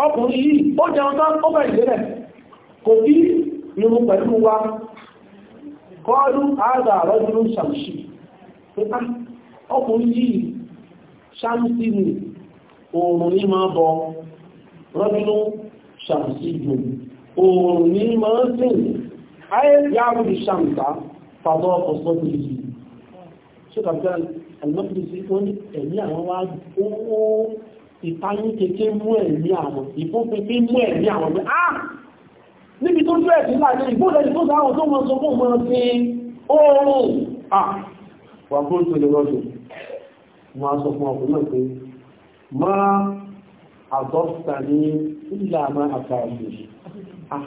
ọkùnrin yìí ó jẹun tán ó bẹ̀ ìlérẹ̀ kò kí irun pẹ̀lú wa kọ́ọ̀lú àádà àrọ́dúró ṣàmṣì pípa ah, ọkùnrin yìí ṣàmṣì ni oòrùn ní máa bọ rọ́dúró ṣàmṣì jù oòrùn ní máa sìn ayé fàdọ́ ọ̀pọ̀ ìlú ṣíkàtà alìmọ́kìlìsí ó ní ẹ̀mí àwọn wá owó ìtayín kéèké mú ẹ̀mí àwọn ìfúnpínpí mú ẹ̀mí àwọn pé ah níbi tó jẹ́ ẹ̀sìn láti ìgbóòlẹ̀ ìgbóòlẹ̀ àwọn tó mọ́ sọpọ̀ mọ́ sí oòrùn ah wà kó tó lè rọ́jò wọ́n sọ fún ọkùnrin náà pé má àgọ́fà ní ìlànà àtàrí ah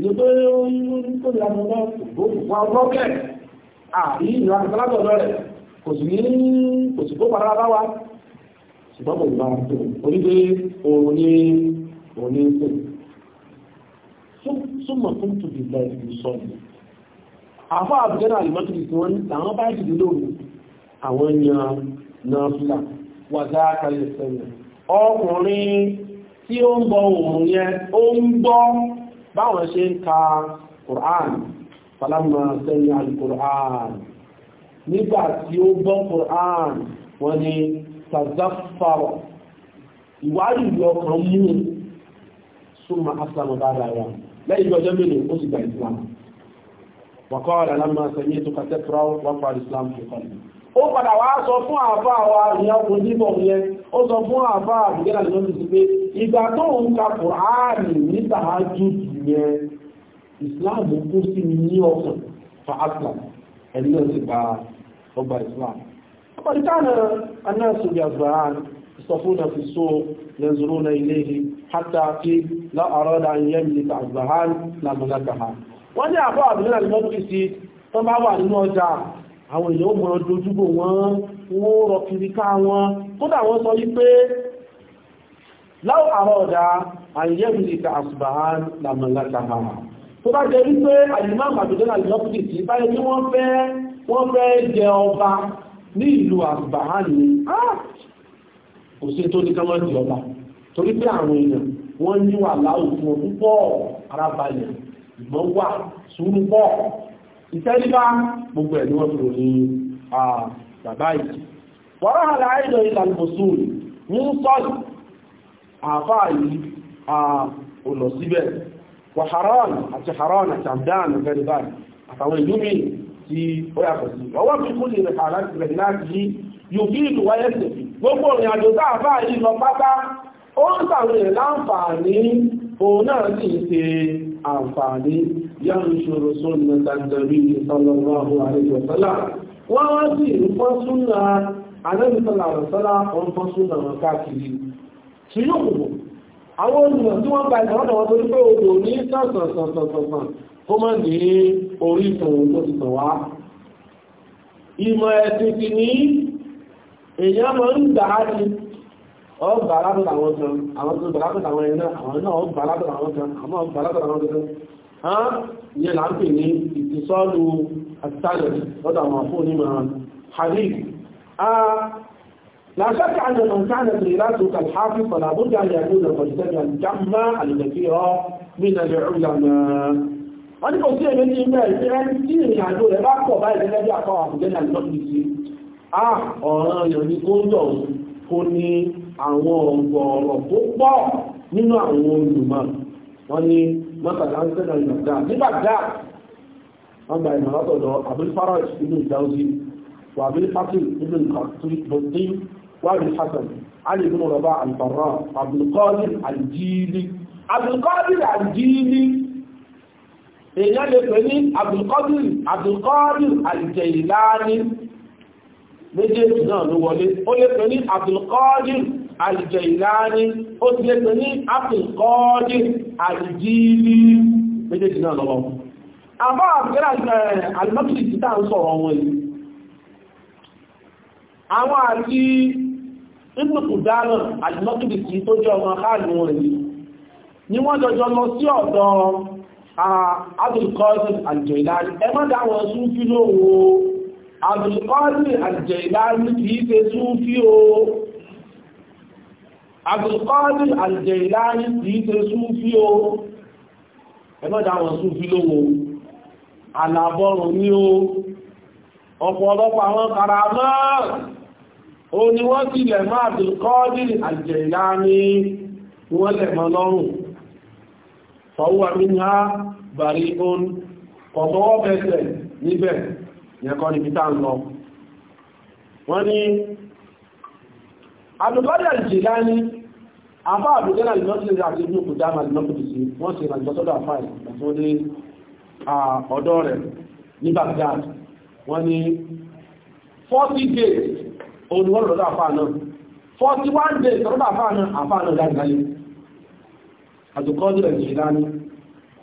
ìgbé tó lànà náà gbogbo ọlọ́kẹ̀ àbí ìlànà tọ́lábọ̀ rẹ̀ kò sí ní kò sí kó padà bá wa ṣùgbọ́n kò bá tó onígbé òun ní òun ní pè súnmọ̀ fún tùbí ìgbà ìlú sọ́ọ̀nù àfọ́ àbújẹ́nà àlùmọ́tò ìsìn wọn àwọn bá ìdí lóru àwọn èèyàn náà fúlà wà dáakalẹ̀ sẹ́yìn ọkùnrin tí ó ń bọ òun yẹn báwọn ṣe ń ka Qur'an falamma sami'a al-Qur'an nígbà tí ó gbọ́ Qur'an wọ́n ní tazaffara ìwádìí ìlú ọkàn mú súnmọ́ aslamu bára rà lẹ́yìn ọjọ́ mélòó ó sì gba Islam wọ̀kọ́ ọ̀rẹ́ sẹ́yìn tó kàtẹ́ wọ́pàá Islam fi kọ́ ó padà wá sọ fún àbá wa ìyá onímọ̀ yẹn ó sọ fún àbá àbúgẹ́lá ló ń ti pé ìgbà tó ń ka kùránì ní tàájú yẹn islam kú sí mi ní ọkàn fa aslam ẹni náà sì gba ọgbà islam ọgbà ìtànà anáàsù bí agbáhán ìsọfúnà fi só lẹ́zùrú na ilé yìí hátà kí láàárọ̀ dá iye mi ta agbáhán lámúlákàá wọ́n ní àbá àwọn èèyàn ó mọ̀ dojúbò wọn wọ́n rọ kiri ká wọn kódà wọ́n sọ wípé láwọ́ àrọ̀ ọ̀dá àyẹ̀mí ìta àṣùbà lámọ̀láta ha tó bá jẹ́ wípé àyìnmá àbàdàn àlọ́pùtì tí báyẹ̀ tí wọ́n fẹ́ wọ́n fẹ́ jẹ ọba ní ìlú àṣùbà ha ní kò sí tó ní kánmọ́ di ọba torí pé àwọn èèyàn wọ́n níwà láwùjọ púpọ̀ arábalẹ̀ ìgbọ́n wà sùúrù pọ̀ ìtẹ́líbá gbogbo ẹ̀ ni wọ́n tó ní bàbá ìjì wọ́rọ̀ hàlá àìdọ̀ ìlànàmọ̀sùn ní sọ́lù àfáà yìí ọ̀nà síbẹ̀ wà haran àti haran àti abdan gẹ̀rẹ̀bán àtàwọn ìlú mi tí ó yàtọ̀ sí ọwọ́ fi kú lè rẹ̀ láti yí yóò bí àǹfààní yánṣòro sọ́nà tàbí sallallahu alaihi wasallam wọ́n wá sí ìfọ́súnà alẹ́bìsọ́lá àrọ̀sọ́lá ọ̀fọ́súnà wọn káàkiri tí yóò kùnkùn àwọn olùmọ̀ tí wọ́n gba ìtàwọ́dà ọgbà alábọ̀dà àwọn kan àwọn tó gbàlábọ̀dà àwọn ẹ̀nà àwọn náà ọgbà alábọ̀dà àwọn kan àmọ́ ọgbà alábọ̀dà àwọn kan hàn yẹ là ń pè ní ìtìsọ́lù àtìtàlẹ̀ lọ́dọ̀ àwọn àfún onímọ̀ hadith a làṣàkà àjọ mọ̀nkánà tèrè láti òkà hafi fọ̀nà àbújá ní àgbóyè ọ̀pọ̀lítẹ́nì àjámá àlùmẹ̀kí ọ nínà lè rúlà náà wọ́n ní kò sí èmi àwọn ọ̀rọ̀ tó pọ̀ nínú àwọn olùmọ̀ wọ́n ní mọ́tàlá ń sẹ́nà ìgbàgbà nígbàgbà wọ́n gba ìmọ̀ látọ̀dọ̀ abúlfárà ìṣúlù ìdáwọ́sí wà bí fásitì ìlú ìkàtúntì wà bí hasan alì ibn rabah al-farra abdulkadir al-jili abdulkadir al-jili èèyàn lè pè ní abdulkadir abdulkadir al-jailani méjèèjì náà ló wọlé ó lè pè ní abdulkadir Al-Jailani ó ti lè pè ní àpìkọ́ọ́dì àìjíìlì méjèèjì náà lọ́wọ́ àbá àfẹ́rẹ́ àlùmọ́kìlì títà ń sọ̀rọ̀ wọn yìí àwọn àti ìpùpù dáná àlùmọ́kìlì tí tó jẹ́ ọmọ káàlù rẹ̀ ni wọ́n jọjọ lọ sí ọ̀dọ̀ Abdulkadir Al-Jailani Abdulkadir Al-Jailani kìí ṣe súnfí o ẹgbọ́dá wọn súnfí lówó alàbọ̀rùn ní o ọ̀pọ̀lọpọ̀ àwọn karamọ́ o ni wọ́n ti lẹ̀ mọ́ Abdulkadir Al-Jailani wọ́n lẹ̀ mọ́ lọ́rùn fọwọ́ minha bari on kọ̀tọ́wọ́ bẹ̀ẹ̀sẹ̀ níbẹ̀ yẹ̀kọ́ ni peter lọ wọ́n ni àdùbádà ìjìlá ní àbá àbújá náà lọ́sílẹ̀ àti ibi òkúta máa lọ́kùnrin sí wọ́n sì ràjọ sọ́dọ̀ àfáì àti wọ́n ní ọ̀dọ́ rẹ̀ ní Baghdad wọ́n ní 40 days olùwọ́n lọ́dọ̀ àfáà náà 41 days lọ́dọ̀ àfáà náà àfáà náà dágbálé àdùkọ́dọ̀ ìjìlá ní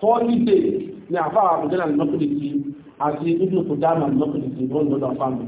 40 days ní àfáà àbújá náà lọ́kùnrin sí àti ibi òkúta máa lọ́kùnrin sí wọ́n lọ́dọ̀ àfáà náà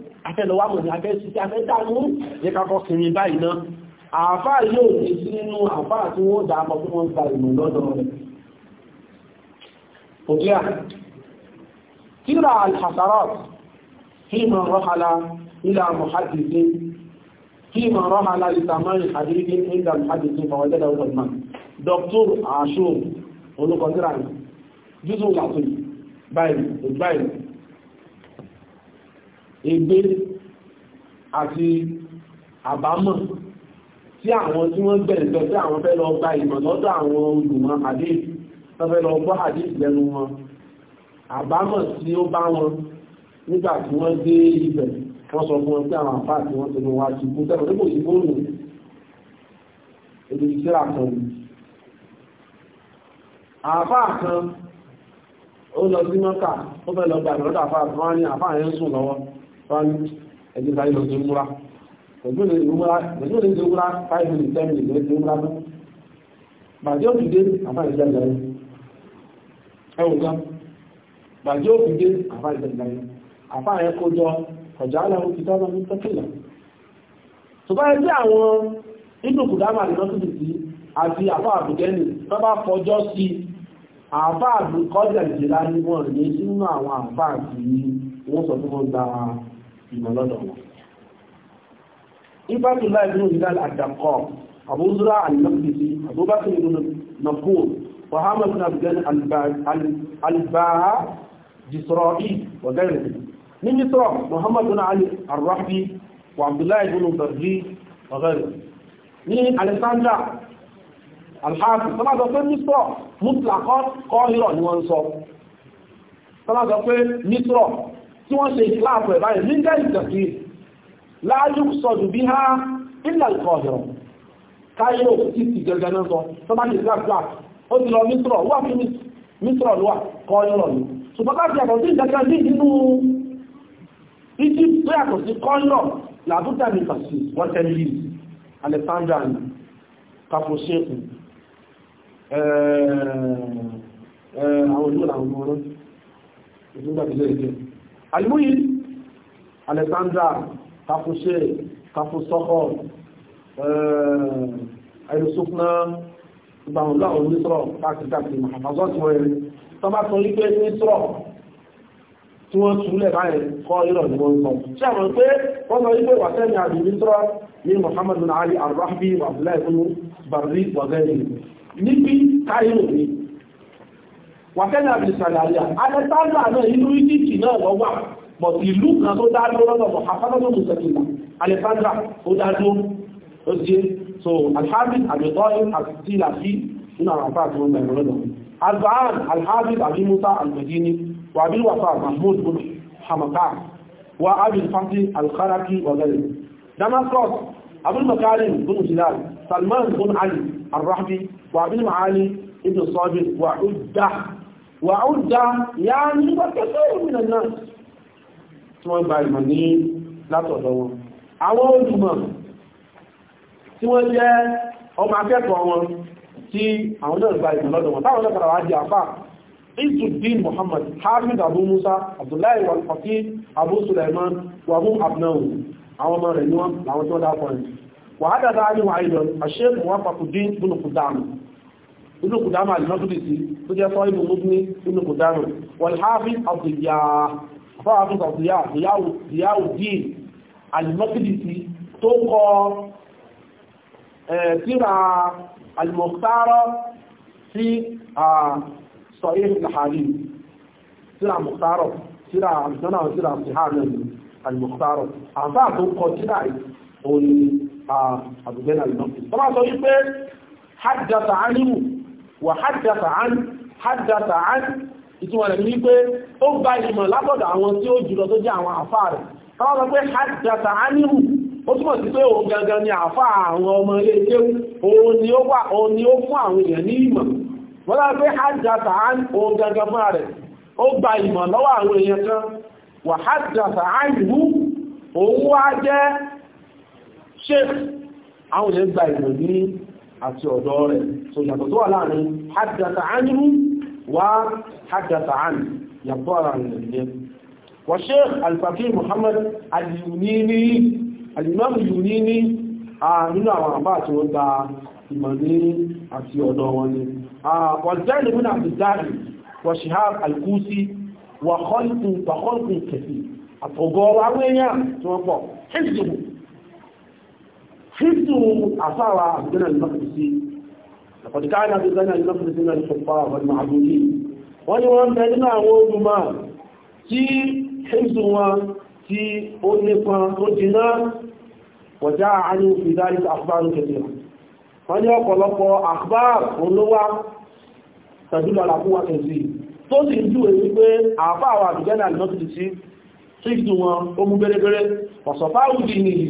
afẹ́lọ́wà mọ̀ ní abẹ́ sí afẹ́ dánú yẹ kakọ́ sinmi báyìí náà àfá yóò lè sí nínú àfá tí wọ́n dá akọ tí wọ́n gba ìmọ̀ lọ́dọ̀ rẹ̀ òkèà tíra alhassarat fi mọ̀ rọ́hala ilá mọ̀hadìsí fi mọ̀ rọ́hala ìsàmọ́rin àdírígbé nígbà mọ̀hadìsí ègbé àti àbámọ̀ tí àwọn tí wọ́n gbẹ̀rẹ̀ lọ sí àwọn fẹ́ lọ gba ìmọ̀ lọ́dọ̀ àwọn olùmọ̀ hadith tó fẹ́ lọ gbọ́ hadith lẹ́nu wọn àbámọ̀ tí ó bá wọn nígbà tí wọ́n dé ibẹ̀ wọ́n sọ fún wọn pé àwọn àfáà tí wọ́n ti lọ wá ti kú tẹ́lẹ̀ tó kò sí fóònù èdè ìṣẹ́ra kan ni àfáà kan ó lọ sí mọ́ta ó fẹ́ lọ gbà lọ́dọ̀ àfáà kan wá ní àfáà yẹn sùn lọ́wọ́ fáwọn sáré lọ sí múra pẹ̀lú lè ṣe múra five minutes ten minutes lè ṣe múra fún bàjẹ́ òfìdé àfáàlì jẹ́ ìdáyé ẹwùn gan bàjẹ́ òfìdé àfáàlì jẹ́ ìdáyé àfáàlì ẹkọ́ jọ ọjà aláwọ̀ ti tọ́lọ́ ní tẹ́kìlá tó bá ẹgbẹ́ àwọn inú kùdámà lè lọ́sùn sí àti àfáàbù yìí ìmọ̀lọ́dọ̀ wọn. Ibatullah ibn Hilal àdàkọ́, Àbúzúrà al-Maqdisi, Abubakar ibn Nakur, Muhammad ibn Abdul Albaa, Jisra'i, wa ghairihi. Ní Misra, Muhammad ibn Ali al-Rahbi, wa Abdullah ibn Barri, wa ghairihi. Ní Alexandra, Alhafi, ni wọ́n sọ. Sọlá pé Misra, tí wọ́n ṣe ìkìláàpù ẹ̀bá rẹ̀ nígbà ìtàkì láàájú sọ̀dù bí ha ilẹ̀ ìkọ̀ọ̀dọ̀ káyé òkú ti ti gẹ̀gẹ̀ náà sọ tó bá ní ìkìláàpù ó ti lọ mísírọ̀ wà fún mísírọ̀ lọ́wà kọ́ ìrọ̀ ní ṣùgbọ́n káàkiri àkọ́ sí ìjẹ́kẹ́ ní inú egypt tó yàtọ̀ sí kọ́ńdọ̀ làbúta ní fàṣí wọ́n tẹ́lẹ̀ yìí alexandra ní kaposheku àwọn olóòlà àwọn ọmọ ọlọ́dún ìdúgbàtílẹ̀ ìjẹ́ alimuyi alexandra kafuse kafusọkọ eh, ayosufna ìgbàmọ̀lá òun nísọ̀rọ̀ káàkiri mahamazọ́ ti wọ́n ẹ̀rí tó bá tún lípé nísọ̀rọ̀ tí wọ́n túlẹ̀ báyìí kọ́ ìrọ̀ ni wọ́n sọ ṣe àmọ́ pé wọ́n sọ wípé wà sẹ́ni àbí nísọ̀rọ̀ wàkẹ́lẹ̀ àbìsàlàyà alẹ́sàndà náà inú ìdíkì náà lọ wà but ìlú kan tó dá lọ́rọ̀ lọ́pọ̀ afẹ́lọ́dọ̀ mùsàkìlá alẹ́sàndà so alhabib àbẹ̀tọ́yìn àti ìlàfí nínú àwọn afẹ́ àti alhabib àbí musa almadini wà bí wàfà mahmoud bin hamaka wà abin fati alkharaki wà gẹ́rẹ̀ damascus abul makarim bin hilal salman bin ali arrahbi wà bí ma'ali ibn sabir wà uddah wà ó dá ìyá nígbà kẹfẹ́ ìrìnà náà tí wọ́n gba ìmọ̀ ní látọ̀dọ̀ wọn àwọn olùmọ̀ tí wọ́n jẹ́ ọmọ akẹ́kọ̀ọ́ wọn tí àwọn náà gba ìmọ̀ lọ́dọ̀ wọn táwọn lọ́kàrà wá di àpá Izzuddin Muhammad Hamid Abu Musa Abdullahi wal Faqih Abu Sulaiman wa hum abnahu àwọn ọmọ rẹ̀ ni wọ́n làwọn tí wọ́n dápọ̀ rẹ̀ wà á dáadáa ní wàá ìlọ àṣẹ́ Muwafaquddin bin Qudama ابن قدامة المقدسي تجي صاحب المدني ابن قدامة والحافظ الضياء حافظ الضياء ضياء ضياء الدين المقدسي توقع ترى المختارة في صحيح الحديث ترى مختارة ترى السنة وترى صحيح المختارة أعطاها توقع ترى أبو بن المقدسي طبعا صحيح حدث عنه wà hajjata án hajjata án ìtumọ̀ rẹ̀ ní pé ó gba ìmọ̀ látọ̀dọ̀ àwọn tí ó jùlọ tó jẹ́ àwọn àfáà rẹ̀ káwọn sọ pé hádàtà ánihu ó túnmọ̀ sí pé òun gangan ni àfáà àwọn ọmọ ilé kéwú òun ni ó fún àwọn èèyàn ní ìmọ̀ wọ́n lára pé hajjata án òun gangan fún rẹ̀ ó gba ìmọ̀ lọ́wọ́ àwọn èèyàn kan wà hajjata ánihu òun wá jẹ́ sheikh àwọn èèyàn gba ìmọ̀ ní àti ọ̀dọ́ rẹ̀ so yàtọ̀ tó wà láàrin hajjata ánìmú wá hajjata ánì yàtọ̀ ara rẹ̀ nìyẹn wà ṣe alfàfí muhammad alìmọ́mù yìí ní nínú àwọn àbá àti wọ́n ta ìmọ̀ ní àti ọ̀dọ́ wọn ni wà jáde mún àbìdáàrí wà shihab alkusi wà kọ́lùkùn kẹfì àtọ̀gọ́ àwọn èèyàn tí wọ́n حفظ أثار عبد الله المقدسي لقد كان عبد الله المقدسي من الحفاظ والمعبودين wọ́n ni wọ́n bẹ̀rẹ̀ nínú àwọn ogunmá tí ṣíṣù wọn tí ó nípan tó jìnà wọ̀já àánú ìdárí àkbárù kẹtìrà wọ́n ni ọ̀pọ̀lọpọ̀ àkbárù olówá tàbílọ̀ àkúwà kẹsì tó sì ń júwẹ̀ wípé àfáàwà àbìjẹ́nà lọ́tìtì ṣíṣù wọn ó mú bẹ́rẹ́bẹ́rẹ́ ọ̀sọ̀fáwù dì nìyí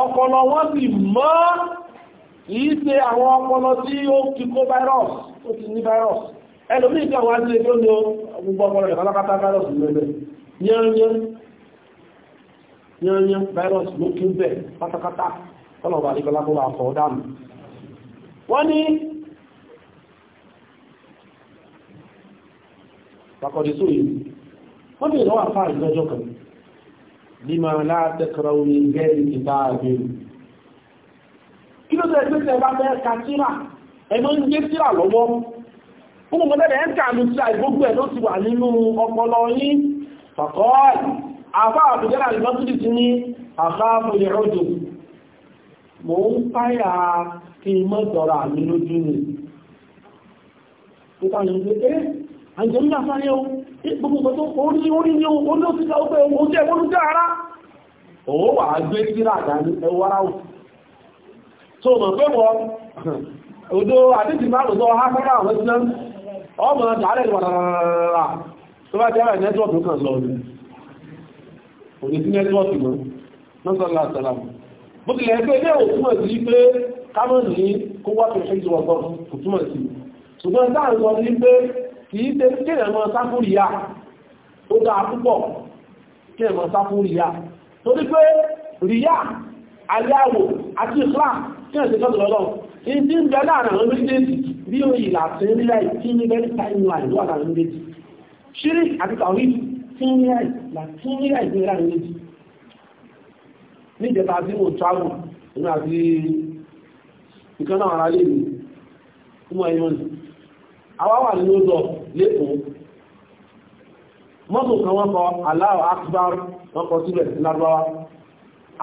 ọpọlọ wọn sì mọ́ yìí ṣe àwọn ọpọlọ tí ó ti kó virus ó ti ní virus ẹlòmí ìgbà wọn ti tó ní gbogbo ọpọlọ rẹ̀ pátápátá virus lẹ́lẹ̀ yányán virus ló kí bẹ̀ pátápátá ọlọ́wọ́ àdíkọlá kó wà fọ́ dànù wọ́n ní pàkọ̀dé sóyè wọ́n bí ìlọ́wà ìgbẹ́jọ́ kan lima la takrawu min ghairi kitabin kí ló tẹ́ pẹ́sẹ̀ bá fẹ́ ka tíra ẹ̀mọ́ ń gé tíra lọ́wọ́ fún mọ̀ lẹ́rẹ̀ ẹ́ǹkà ló tíra ìgbógbó ẹ̀ ló ti wà nínú ọpọlọ yín fàkọ́ọ̀lì àfá àbújẹ́rà lọ́tìrì ti ní àfáàfù ìrọ́jò mò ń páyà kí mọ́ tọ́ra mi lójú ni gbogbo tó orí orí ní orí ó ti sọ pé òun jẹ́ olú jẹ́ ara ó wà gbé síra àdáni ẹwàrá ò tó mọ̀ pé wọ odó àdíjì máa lò sọ hákọ́rà àwọn ẹ̀sìn ọmọ dàálẹ̀ wàràrà tó bá jẹ́ nẹ́tíwọ̀pù kan lọ ní òní sí nẹ́tíwọ̀pù mọ́ lọ́sọ̀lá sọ́lá bó tilẹ̀ pé ilé òkú ẹ̀ sí pé kámọ́ ní kó wá tó ṣe ìjọba kò túmọ̀ sí ṣùgbọ́n táà ń sọ ní pé kìí ṣe kéèyàn mọ́ sáfúrìyà ó dáa púpọ̀ kéèyàn mọ́ sáfúrìyà torí pé ríyà aláwò àti ìflá kéèyàn ṣe tọ́jú lọ́lọ́ ìdí ń bẹ láàrin àwọn méjèèjì bí ó yìí láti ń láì tí ní bẹ́ẹ̀ timeline wà láàrin méjèèjì ṣírí àti tàwí tí ń láì láti ń láì ní láàrin méjèèjì níjẹta tí mo travel nínú àti ìkan náà ara lè mi fún ẹ̀yọ́n àwọn wà nínú ọdọ̀ lẹ́kọ̀ọ́ mọ́tò kan wọ́n kọ Allahu Akbar wọ́n kọ sílẹ̀ lágbáwá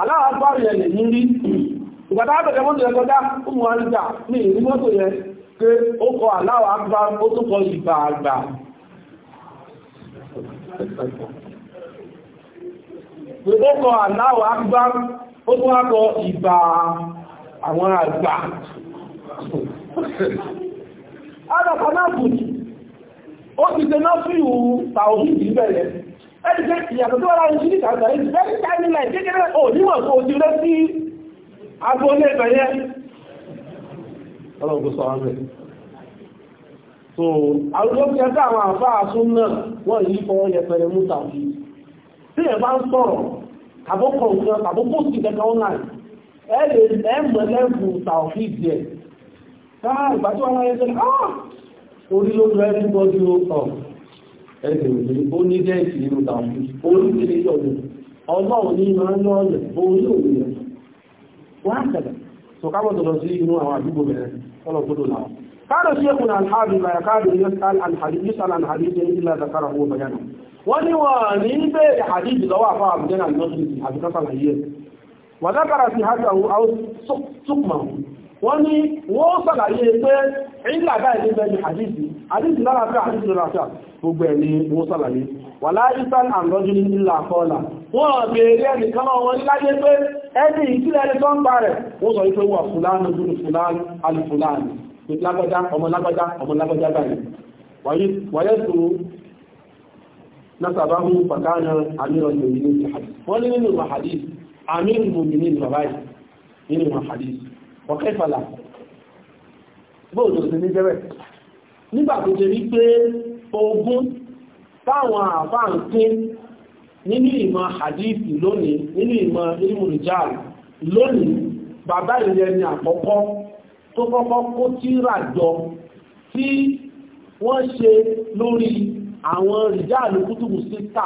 Allahu Akbar yẹn lè ní rí ìgbàtà àbẹ̀kẹ́ mọ́tò kọjá ní ìrí mọ́tò pé ó kọ Akbar ó kọ ìgbà àgbà pé ó kọ Akbar ó kọ ìgbà àwọn ó ti ṣe náà fún ìwú tàòfíìdì bẹ̀rẹ̀ ẹni pé ìyàtọ̀ tó wọ́n láti ṣíkà àgbàrí very tiny line kékeré ò nímọ̀ tó ti rẹ́ sí agbóolé ẹ̀bẹ̀yẹ ọlọ́gbọ́ sọ wọn bẹ̀rẹ̀ so àwùjọ ti ẹ̀ka àwọn àfáà sún náà wọ́n yí fọwọ́ yẹpẹrẹ mú tàbí tí ẹ̀ bá ń sọ̀rọ̀ àbókọ̀ nǹkan àbókọ̀ sí kẹta online ẹ̀ lè ẹ̀mọ̀ lẹ́bù tàbí díẹ̀ orí ló fẹ́ rí bọ́jú ọ̀ ẹ̀sìn òní ó ní dẹ́ẹ̀sì nínú tàbí orí kiri ọ̀dọ̀ ọlọ́run ní máa ń lọ́ọ̀lẹ̀ orí òní rẹ̀ wọ́n á kẹ̀lẹ̀ tó kábọ̀ tọ̀dọ̀ sí inú àwọn àdúgbò bẹ̀rẹ̀ ọlọ́gbọ́dọ̀ làwọn قال شيخنا الحافظ لا يكاد يسأل عن حديث يسأل عن حديث إلا ذكره بيانه ونواني بحديث دواء فاهم جنا المسجد حديث صلى الله عليه وذكر صحته wọ́n ní wọ́n sàlàyé pé ìlàgá ìlú bẹ́ẹ̀ ni àdìsí àdìsí lára fẹ́ àdìsí lára fẹ́ gbogbo ẹ̀ ni wọ́n sàlàyé wà láìsàn àrọ́jú ní ìlà kọ́ọ̀lá wọ́n bèèrè ẹni kanáà wọn mu'minin fi hadith wọ́n ọ̀kẹ́ ìfàlà bóòdó sí ní jẹ́rẹ̀ nígbà tó ṣe rí pé ogún táwọn àfáà ń pín nínú ìmọ̀ hadithi lónìí nínú ìmọ̀ ilmùrìjáàlì lónìí bàbá ìrẹ́ ni àkọ́kọ́ tó kọ́kọ́ kó tírà jọ tí wọ́n ṣe lórí àwọn rìjáàlì kútùbù síta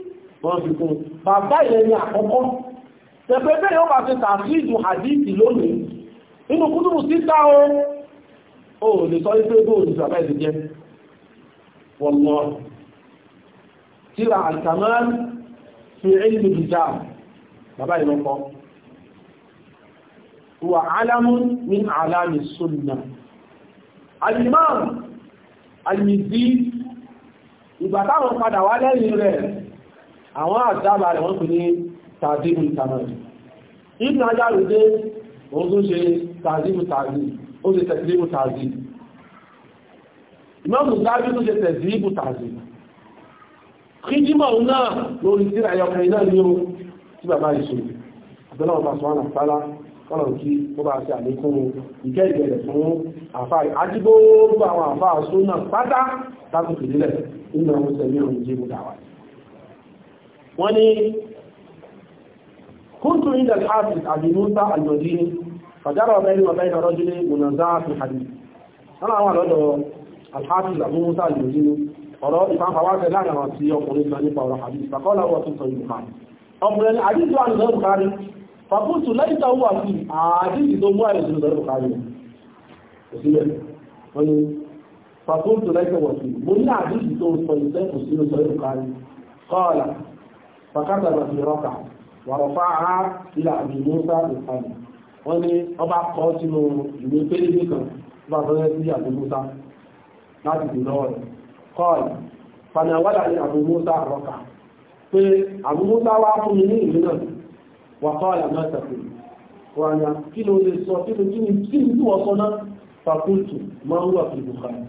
wọ́n fi kún bàbá ìyẹn ni àkọ́kọ́ tẹ̀pẹ́ bẹ́ẹ̀ yóò bá ti tàfíìdù àdíìtì lónìí nínú kútùbù títà o ò lè sọ wípé góòlù bàbá ìdí jẹ́ wọ́n mọ́ tíra àtàmán fi ilmi ìjà bàbá ìlọ́kọ́ wà álámù ní àlámì sunna al-imam al padà wá lẹ́yìn rẹ̀ àwọn àdábà rẹ̀ wọ́n pè ní tàdíbù tàmàdì ìdùn ajáàrù dé òun tó ṣe tàdíbù tàdí ó ṣe tẹ̀síbù tàdí ìmọ́bù dájú tó ṣe tẹ̀síbù tàdí kíjímọ̀ náà lórí sí àyọkàn iná ní o tí bàbá ìṣò àtọ́lá ọba sọ wọn àtàlá kọ́nà kí ó bá ṣe àlékún ìkẹ́ ìbẹ̀rẹ̀ fún àfáà àti gbogbo àwọn àfáà sónà pátá látòkè nílẹ̀ nínú àwọn sẹ́mi òun jẹ́ mú wọ́n ní kúntù ìdà al-hafiz àbí musa al-madini fàjára ọ̀bẹ́ni ọ̀bẹ́ni ọ̀rọ̀júlé mùnàzá fi hadith wọ́n àwọn àlọ́dọ̀ al-hafiz àbí musa al-madini ọ̀rọ̀ ìfàfàwáṣẹ́ láàrin àwọn tí ọkùnrin kan nípa ọ̀rọ̀ hadith fàkọ́lá wọ́n tún sọ ìlú kan ọkùnrin àdíjọ́ àdìsọ́ bukari fàkúntù lẹ́yìn tàwọn àti àdíjì tó mú àìsàn ìsọ̀rọ̀ bukari òsílẹ̀ wọ́n ni fàkúntù lẹ́yìn tàwọn àti mo ní àdíjì tó sọ ìsẹ́ òsílẹ̀ ìsọ̀rọ̀ bukari kọ́ọ̀lá فكتب في ركعة ورفعها إلى أبي موسى الثاني wọ́n ní ọba kọ́ sínú ìwé pélébé kan tó bá sọ́yẹ́ sí Abu Musa láti dì lọ́wọ́ rẹ̀ kọ́ọ̀lù fanàwọ́dà ní Abu Musa rọ́kà pé Abu Musa wá fún mi ní ìlú náà wà kọ́ọ̀lù mẹ́ta pé wọ́n yà kí ló lè sọ kí ló kí ni kí ni wọ́n sọ náà fakultu máa ń wà fi Bukhari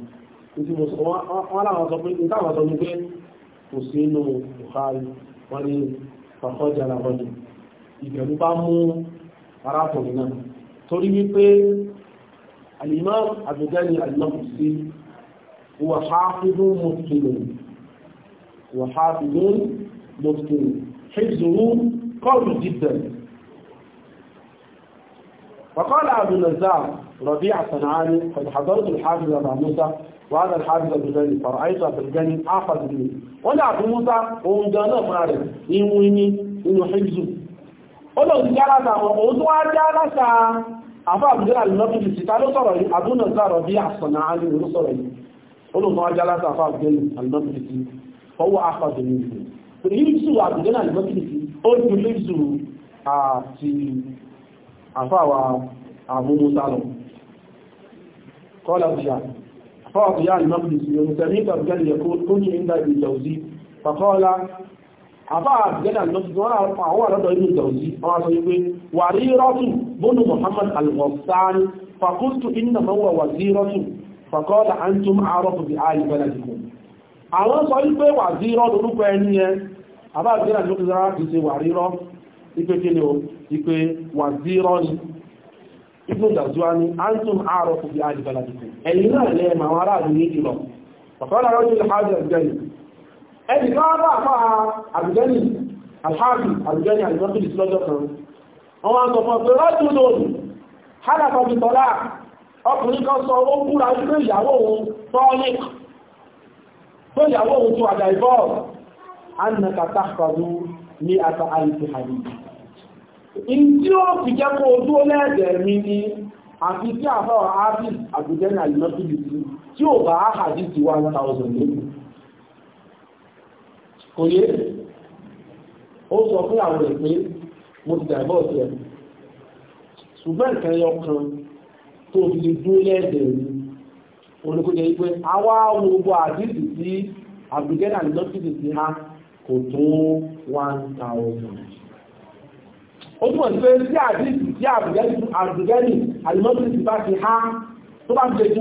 wọ́n láwọn sọ kò sí inú Bukhari wọ́n ní fàkọ́jà làbọ́dù ìbẹ̀rù bá mú arákùnrin náà torí wípé al-Imam Abu Ghani al-Maqdisi wà hafidun muftinun wà hafidun muftinun hifzuhu qawiyy jiddan wa qala ربيع صنعاني قد حضرت الحافظ أبا موسى وهذا الحافظ الجاني فرأيت في الجاني أخذ مني ولا أبو موسى وهم جانا فارغ إنويني إنو حفظه ولو جالسا وقوتوا جالسا أفا أبدال المقل ستالو صرعي أبونا ذا ربيع صنعاني ورصرعي ولو جالسا أفا أبدال المقل فهو أخذ مني حفظه أبدال المقل أولو حفظه àti àfáwà àmúmúsálọ̀. قال أبو شعب فأطيع يعني المقدسي وسمعت أبجل يقول كني عند ابن الجوزي فقال أبا أبجل المقدسي وأنا هو رضا ابن الجوزي وريرة بن محمد الغسان فقلت إنما هو وزيرة فقال أنتم أعرف بآل بلدكم àwọn sọ wípé wàzírọ́ lórúkọ ẹni ẹ àbá àgbẹ́rẹ̀ lókè sára ti ṣe wàrírọ́ ipé kí ni ó ipé wàzírọ́ ni ibn dàjúwání antum àárọ̀ fún bí i alìbàlàdìkù ẹ̀yìn náà lẹ́ ma wọn aráàlú ní ìlọ ọ̀kọ́lá rọ́jú alhaji abdani ẹni káwọn bá fà abdani alhaji abdani alìbàtù ìsìlọ́jọ́ kan wọn wá sọ fún ọ̀pẹ rọ́jú lónìí hálàkà bí tọ́lá ọkùnrin kan sọ ó búra wípé ìyàwó òun tọ́lí tó ìyàwó òun tó àdà ìbọ́ọ̀ ndị o ó fi jẹ́ kó ojú mi ni àfi tí tí bá ti 1000 kò yé ó sọ fún àwọn pé mo ti dàgbọ́ sí ṣùgbọ́n nǹkan ẹyọ kan tó fi lè dúró lẹ́ẹ̀dẹ̀ mi gbogbo tí ha kò tó 1000 ó túnmọ̀ sí pé tí àdìsí tí àbùgẹ́lì àlùmọ́sí ti bá ti há tó bá ti ju 1000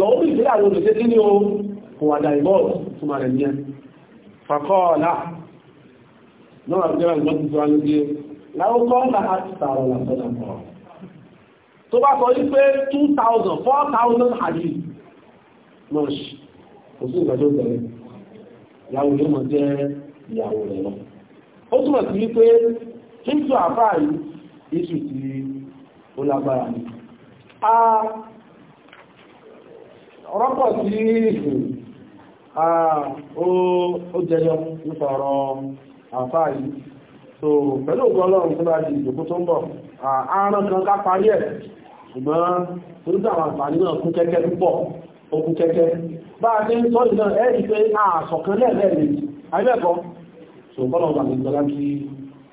lọ ó bí ìgbéyà ló lè ṣe kí ní o kò wà dà ìbọ̀ túnmọ̀ rẹ̀ ní ẹ fàkọ́ọ̀lá náà àbùgẹ́lì àlùmọ́sí ti wá ní pé láwọ́kọ́ ọ̀la àti tààrọ̀ làtọ́lá tó bá sọ wípé 2000 4000 àdìsí mọ́ṣ kò sí ìgbàjọ́ ìgbẹ̀rẹ̀ ìyàwó yóò mọ̀ jẹ́ ìyàwó rẹ̀ lọ ó túnmọ̀ sí wípé ìtù àfáà yìí ìṣù tí ó lágbára ní a rọ́pọ̀ sí ìṣù ó jẹyọ nípa ọ̀rọ̀ àfáà yìí so pẹ̀lú ọgọ́lọ́run tó bá di ìjòkó tó ń bọ̀ àárán kan ká parí ẹ̀ ṣùgbọ́n orúkọ àwọn àǹfààní náà kún kẹ́kẹ́ púpọ̀ okun kẹ́kẹ́ bá a ti ń sọ ìdán ẹ́ ìfẹ́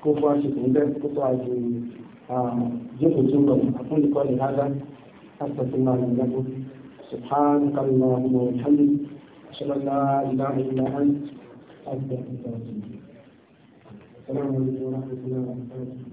كيف أشهد كيف أشهد جئت جملة أقول قولي هذا أستغفر الله لي ولكم سبحانك اللهم وبحمدك أشهد أن لا إله إلا أنت أستغفرك وأتوب إليك السلام عليكم ورحمة الله وبركاته